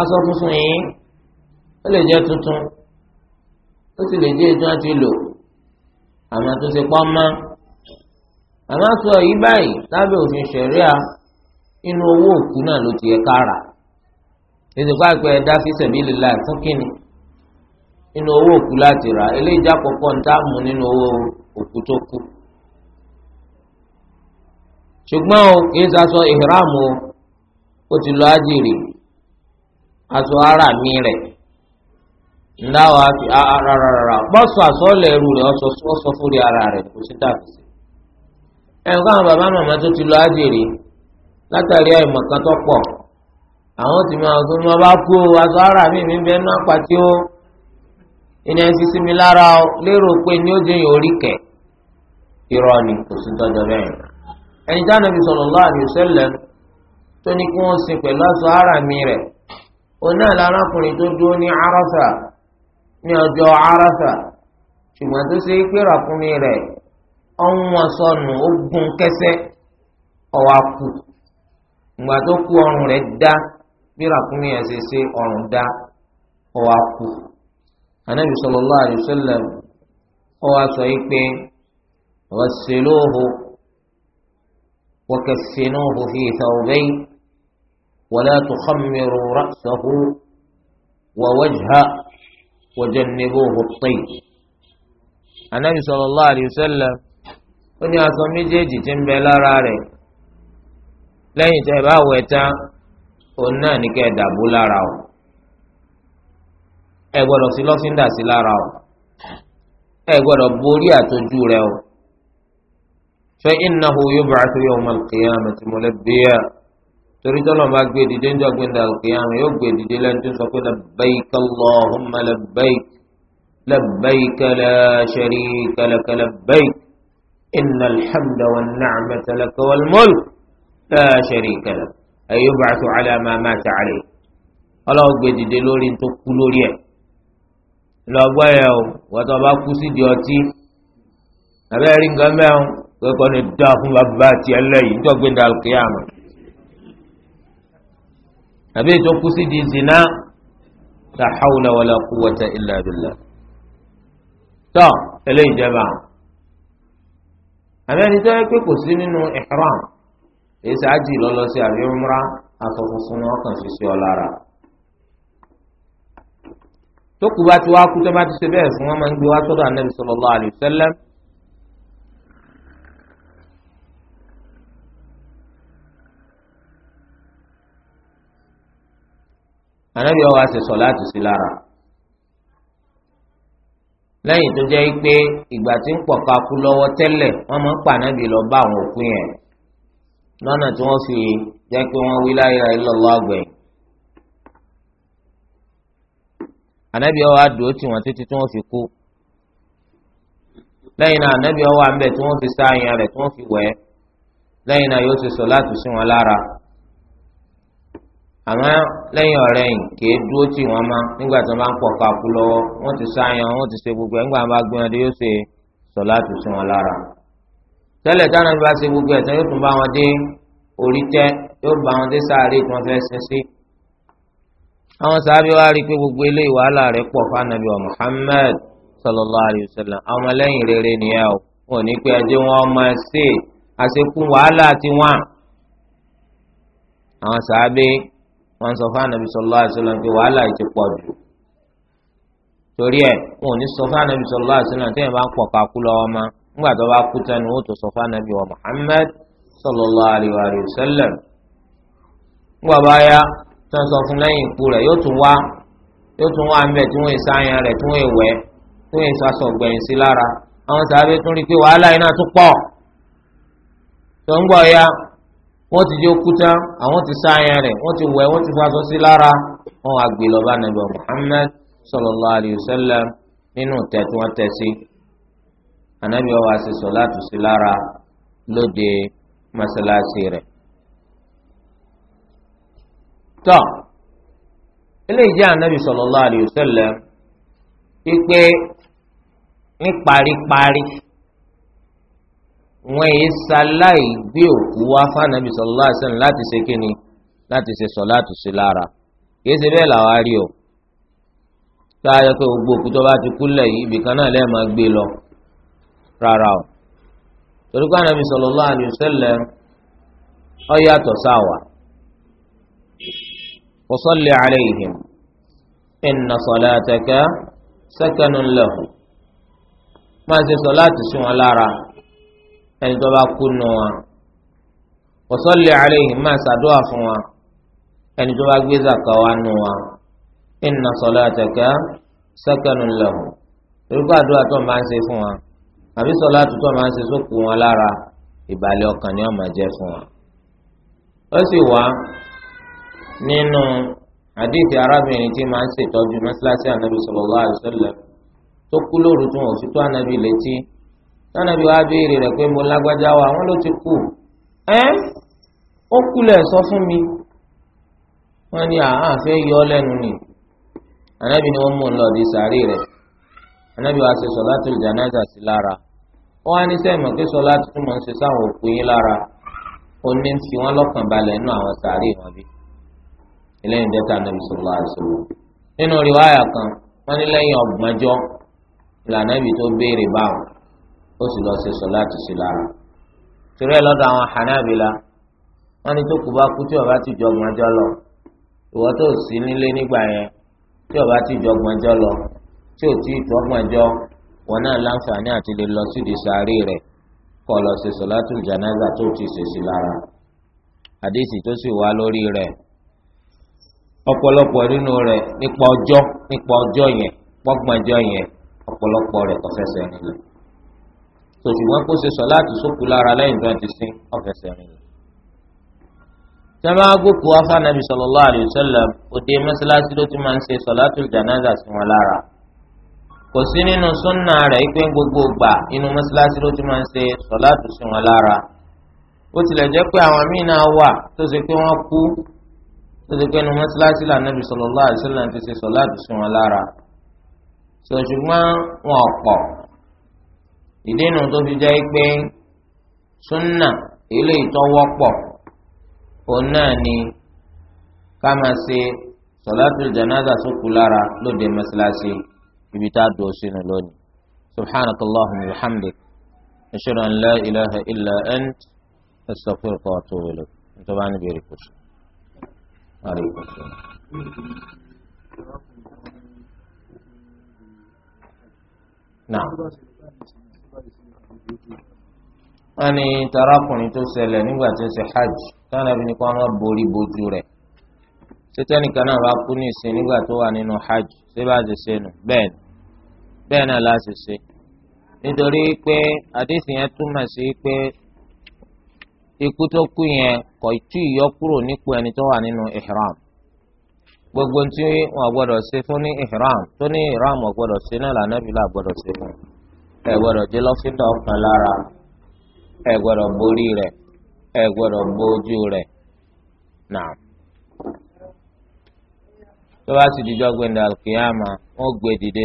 aṣọ funfun yìí ó lè jẹ́ tuntun ó sì lè jẹ́ ètò àti lò àmọ́ tó ṣe pọ́n mọ́ àmọ́ aṣọ yìí báyìí lábẹ́ owó òkú náà ló ti yẹ ká rà. ètò ẹ̀dá sẹ̀bílì láì nínú owó òkú láti rà eléyìí já kọ́kọ́ ń tá mú nínú owó òkú tó kú. ṣùgbọ́n o kì í sasọ o ó lọ ájìrì aṣọ ara mi rẹ̀ ńlá wa fi rárára ẹrù rẹ̀ ọ̀sọ̀ fúri ara rẹ̀ kò sí bàbá màmá tó ti lọ ájìrì látàrí àìmọ̀kan tó pọ̀ àwọn ara mi mi bẹ́ẹ̀ náà ìní ẹ̀ ń sisi mi lára o lérò pé ní ó yìí orí kẹ̀ irọ́ ni kò sí dọ́dọ̀ bẹ́ẹ̀ ẹni tí Ànábì sallallahu tó ní kí wọ́n sin pẹ̀lú aṣọ ara mi rẹ̀ òun náà lárákùnrin tó dúró ní Arafa ní ọjọ́ Arafa ṣùgbọ́n tó ṣe é pé rẹ̀ sọnù kẹsẹ́ ọ̀wá kù ìgbà tó kú ọrùn rẹ̀ dá bí anabi sallallahu alayhi wa sallam ó wá sọ yìí pé wàsílóhu wàkàsínóhu fi thawbay wàlá tukhammiru ra'sahu wàwájha wàjannibóhu tay. anabi sallallahu alayhi wa sallam ó ní aṣọ méjèèjì tí ń bẹ lára rẹ̀ lẹ́yìn tẹ́ ẹ bá wẹ̀ tán òun náà ní kẹ́ ẹ dàbò lára o ẹ gbọ́dọ̀ sí lọ́fíńdà sí lára o ẹ gbọ́dọ̀ borí àtọ́jú rẹ o fa innahu yub'athu yawma al-qiyamati mulabbiya torí tọ́lọ̀ bá gbé dìde ń jọ gbẹ̀ndà al-qiyamah yóò gbé dìde lẹ́nu tó sọ pé labbayka Allahumma labbayk labbayka la sharika laka labbayk innal hamda wan ni'mata laka wal mulk la sharika lak ay yub'athu ala ma mata alayh ọlọ́wọ́ gbé dìde lórí lọ́gbọ́ yẹ o wọ́tọ̀ bá kú sí di ọtí abẹ́rẹ́ rí nǹkan mẹ́rin kọ́kọ́ ni dá fún bàbá àti ẹlẹ́yìí níjọ́ gbẹ̀dà kíyàmà àbí ètò kú sí di zina la hawla wala quwwata illa billah tọ́ eléyìí jẹba abẹ́rẹ́ tó yẹ pé kò sí nínú ihram èsì àjì lọ́lọ́sí àbí umrah asọ̀fọ̀sọ̀ ni wọ́n kàn tó kù bá ti wá kú tó bá ti ṣe bẹ́ẹ̀ fún wọn máa ń gbé wá sọ́dọ̀ anabi sallallahu alayhi wa sallam. anabi ọwọ́ àṣẹ sọ̀láàtì sí lára lẹ́yìn tó jẹ́ pé ìgbà tí ń pọ̀ka kú lọ́wọ́ tẹ́lẹ̀ wọ́n máa ń pa anabi lọ bá àwọn òkú yẹn lọ́nà tí wọ́n fi jẹ́ pé wọ́n wí la ilaha illallah anabi ọwọ adùn tí wọn títí tí wọn fi kú lẹ́yìn náà anabi ọwọ àmbẹ tí wọn fi sáàyàn rẹ̀ tí wọn fi wẹ̀ lẹ́yìn náà yóò ti sọ láti sí wọn lára àmọ́ lẹ́yìn ọ̀rẹ́ yìí kìí dúró tì wọ́n mọ́ nígbà tí wọ́n bá ń pọ̀ kakú lọ́wọ́ wọ́n ti sáyàn wọ́n ti ṣe gbogbo ẹ̀ nígbà wọ́n bá gbé wọn dé yóò ṣe sọ láti sí wọn lára tẹ́lẹ̀ táwọn bá ṣe gbogbo ẹ̀ tán yóò tún bá wọn dé orí tẹ́ yóò bá wọn dé sáré tí wọ́n fẹ́ sin sí àwọn sábẹ́ wa rí i pé gbogbo eléyìí wàhálà rẹ̀ pọ̀ fún anabi wa Muhammad sallallahu alayhi wa sallam àwọn ọmọlẹ́yìn rere nìyẹn o wọn ò ní pé ẹjẹ́ wọn máa ṣe àṣekún wàhálà tiwọn. àwọn sábẹ́ wọn sọ fún anabi sallallahu alayhi wa sallam pé wàhálà yìí ti pọ̀ jù torí ẹ wọn ò ní sọ fún anabi sallallahu alayhi wa sallam tẹ́yìn bá ń pọ̀ kakú lọ́wọ́ ma ńgbà tó bá kú tẹnu ó tó sọ fún anabi wa Muhammad sallallahu alayhi wa sallam ńgbà tí wọ́n sọ fún lẹ́yìn ikú rẹ̀ yóò tún wá yóò tún wá ń bẹ̀ tí wọ́n èso ayan rẹ̀ tí wọ́n èwẹ́ tí wọ́n èso aṣọ ọ̀gbẹ̀yìn sí lára àwọn sàbẹ̀ tún rí i pé wàhálà iná tún pọ̀ tó ń gbọ́ ya wọ́n ti jó kú tán àwọn ti sá ayan rẹ̀ wọ́n ti wẹ̀ wọ́n ti faṣọ sí lára wọn wá gbé lọ́ba nàbẹ̀ Muhammad sallallahu alayhi wa sallam nínú tẹ̀ tí wọ́n tẹ̀ sí anabi wa wá sí sọ láti sí lára lóde masalasi rẹ̀. tọ́ eléyìí jẹ́ anabi sọlọ alayhi wa sallam pípé ní paríparí wọn èyí ṣaláì gbé òkú wá fànàbí sallallahu alayhi wa sallam láti ṣe kíni láti ṣe lára kìí o tá a pé gbogbo bá ti kú lẹ̀ ibìkan náà lọ rárá o torí pé anabi sọlọ sáwà. وصل عليهم إن صلاتك سكن له ما زي صلاة سوى لارا أن تبا كنوا وصل عليهم ما سدوا فوا أن تبا جزا كوانوا إن صلاتك سكن له irúgbà àdúrà tó máa ń ṣe fún wa àbí sọlá tó máa ń ṣe sókun wọn lára nínú àdéhìí arábìnrin tí máa ń ṣètọ́jú mọ́ṣáláṣí ànábì sallallahu alaihi wasallam tó kú lóru tún òfin tó ànábì létí tánàbí wàá béèrè rẹ̀ pé mo lágbájá wa àwọn ló ti kú ẹ́ ó kulẹ̀ sọ fún mi wọ́n ní àá fẹ́ yọ lẹ́nu ni ànábì ni wọ́n mú un lọ di sàárè rẹ̀ ànábì wàá ṣe sọ̀látùl jánásà sí lára ó wá ní sẹ́ẹ̀mọ̀ pé sọ̀látù tún mọ̀ ń ṣe sáwọn òkú yín lára ó ní fi wọ́n lọ́kàn balẹ̀ nínú àwọn sàárè wọn bíi eléyìí jẹ́ tàn nàbì sallallahu alaihi wasallam. nínú rìwáyà kan wọ́n ní lẹ́yìn ọgbọ̀njọ́ ìlànà ibi tó béèrè báwọn ó sì lọ ṣe sọ̀láàtì sí lára. torí ẹ lọ́dọ̀ àwọn Hanabila wọ́n ní tó kù bá kú tí ó bá ti ju ọgbọ̀njọ́ lọ ìwọ tó sí nílé nígbà yẹn tí ó bá ti ju ọgbọ̀njọ́ lọ tí ò tí ì tó ọgbọ̀njọ́ wọn náà láǹfààní àti lè lọ sídìí sáré rẹ kọ lọ ṣe sọ̀láàtì jánásà lára àdéhìí tó sì wá lórí rẹ̀ ọ̀pọ̀lọpọ̀ nínú rẹ̀ nípa ọjọ́ nípa ọjọ́ yẹn pọ́gbọ́njọ́ yẹn ọ̀pọ̀lọpọ̀ rẹ̀ kọfẹsẹ̀ nílẹ̀ tó ṣùgbọ́n kó ṣe sọ láti sókù lára lẹ́yìn tó ń ti sin ọ̀fẹsẹ̀ nílẹ̀. sẹ́máàgùkù afáànàbì sallallahu alaihi wasallam òde mọ́sálásí ló ti máa ń ṣe sọ̀látù jánásà sí wọn lára kò sí nínú súnnà rẹ̀ pé gbogbo gbà inú mọ́sálásí ló ti máa ń ṣe sọ̀látù sí wọn lára bó tilẹ̀ jẹ́ pé àwọn míì náà wà tó ṣe pé wọ́n kú tètè pé nu mọ́sálásí lànàbì sallallahu alaihi wasallam ti ṣe sọ̀láàtì sí wọn lára sọ ṣùgbọ́n wọn ọ̀pọ̀ ìdínú tó fi jẹ́ pé súnà ilé ìtọ́wọ́pọ̀ òun náà ni ká máa ṣe sọ̀láàtì janaza sókù lára lóde mọ́sálásí ibi tá a dùn sínú lónìí subhanaka wa hamdik ashhadu an la ilaha illa ant astaghfiruka wa atubu ilayk nítorí wọn á عليكم السلام نعم wọ́n ní tarakùnrin tó ṣẹlẹ̀ nígbà tó ṣe hajj táwọn ẹbí ní kó wọ́n borí bojú rẹ̀ sẹ́tẹ́nìkan náà bá kú ní ìsìn nígbà tó wà nínú hajj ṣé bá ṣe ṣe nù bẹ́ẹ̀ bẹ́ẹ̀ náà láṣẹ ṣe nítorí pé àdéhùn yẹn túmọ̀ sí pé ikú tó kú yẹn kò tú ìyọkúrò nípò ẹni tó wà nínú ihram gbogbo tí wọn gbọ́dọ̀ ṣe fún ní ihram tó ní ihram wọn gbọ́dọ̀ ṣe náà lànà ìbílẹ̀ àgbọ́dọ̀ ṣe fún ẹ gbọ́dọ̀ jẹ lọ́fíńdà ọkàn lára ẹ gbọ́dọ̀ borí rẹ̀ ẹ gbọ́dọ̀ bójú rẹ̀ náà tó bá sì dijọ́ gbẹ̀ndà alkiyama gbé dìde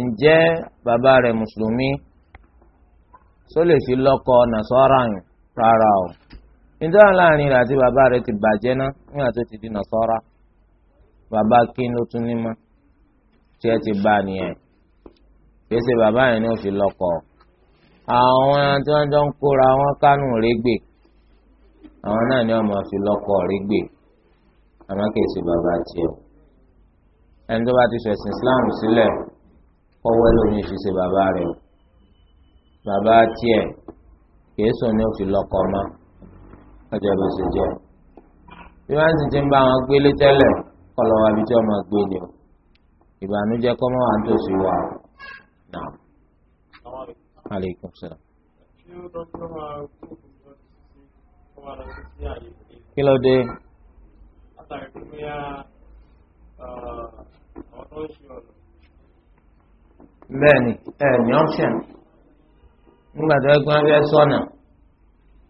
ǹjẹ́ bàbá rẹ̀ mùsùlùmí só lè fi lọ́kọ nàṣọ́ra yìí rárá o nítorí láàrin rẹ̀ àti bàbá rẹ̀ ti bàjẹ́ ná nígbà tó ti di nàṣọ́ra bàbá kí ló tún ní mọ́ tí ẹ ti bá nìyẹn kìí ṣe bàbá yẹn ni ó fi lọ́kọ àwọn tí wọ́n jọ ń kóra wọn kánú rẹ́gbẹ̀ẹ́ àwọn náà ni wọn máa fi lọ́kọ rí àmọ́ kìí ṣe bàbá tiẹ̀ ẹni tó bá ti fẹ̀sìn Islam sílẹ̀ kọ́wọ́ ẹlòmíì fi ṣe bàbá rẹ̀ o bàbá tiẹ̀ kìí sùn ní òfin lọ́kọ ọmọ ọjọ́ bó ṣe jẹ́ bí wọ́n sì ti ń bá wọn gbélé tẹ́lẹ̀ kọ́ lọ́wọ́ àbí tí wọ́n máa gbé ni o ìbànújẹ́ kọ́ mọ́ wà ń tòṣì wà o náà aleykum salaam. kí ló dé. látàrí pé bóyá àwọn tó ń ṣe ọ̀nà. bẹ́ẹ̀ ni ẹ ní option nígbà tó ẹgbẹ́ wọn fẹ́ sọ̀nà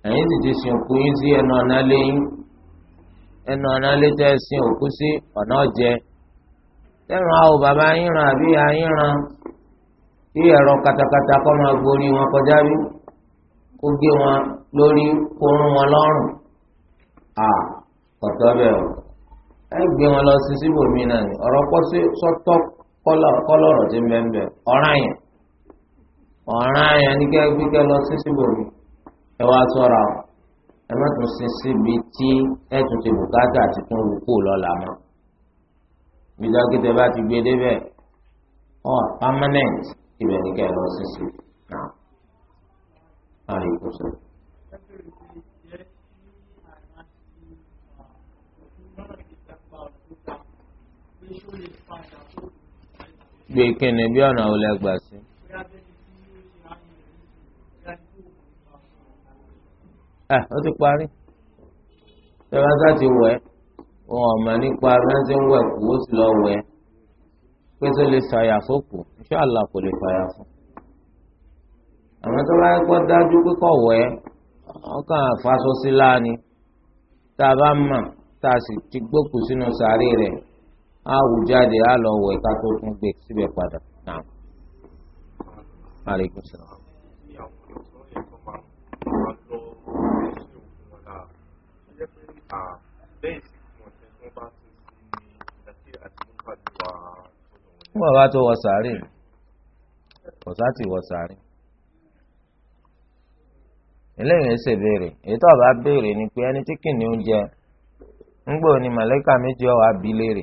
ẹ̀yin sì ti sìn òkú yín sí ẹnu ọ̀nà lẹ́yìn ẹnu ọ̀nà lẹ́tẹ̀ sìn òkú sí ọ̀nà ọ̀jẹ. tẹ́ran àwọn bàbá yín ran àbí ìyá yín ran bí ẹ̀rọ katakata kọ́ máa gborí wọn kọjá bí kó gé wọn lórí kó rún wọn lọ́rùn à ọ̀tọ́ bẹ́ẹ̀ o ẹ gbé wọn lọ sí síbòmí náà ni ọ̀rọ̀ pọ́ sọ́tọ́ kọ́lọ́rọ̀ ti mẹ́mẹ́ ọ̀ràn yẹn ọ̀ràn yẹn ní kẹ́kẹ́ kẹ́ lọ sí síbòmí ẹ wá sọ́ra o ẹ má tún sí síbi tí ẹ tún ti bùkátà àti tún wù kó lọ́la mọ́ gbẹdọ́gídẹ bá ti gbé débẹ̀ ọ̀ permanent ibẹ̀ ní kẹ́ lọ sí sí náà láàyè kó sọ. Thank you gbé kíni bí ọ̀nà ò lè gbà sí. ẹ ó ti parí tẹ́lẹ́sà ti wẹ̀ wọn ò mọ̀ nípa rẹ́ńtì ń wẹ̀ kú ó sì lọ wẹ̀ pé tó lè ṣàyà fókù ìṣọ́àlà kò lè ṣàyà fún. àwọn tó bá yẹ kó dájú pé kọ̀ wẹ̀ ọkàn àfàsọ́sí láàánú tá a bá mọ̀ tá a sì ti gbókùú sínú sàárè rẹ̀ àwùjáde á lọ wọ ìka tó tún gbé síbẹ̀ padà náà. Aleykum salaam. Wọ́n bá tó wọ sàárè, ọ̀sá ti wọ sàárè. Eléyìí ṣe béèrè, èyí tó béèrè ni pé ẹni tí kìnìún jẹ, ń gbọ́ ni màlẹ́kà méjì ọ̀ wá bí léèrè.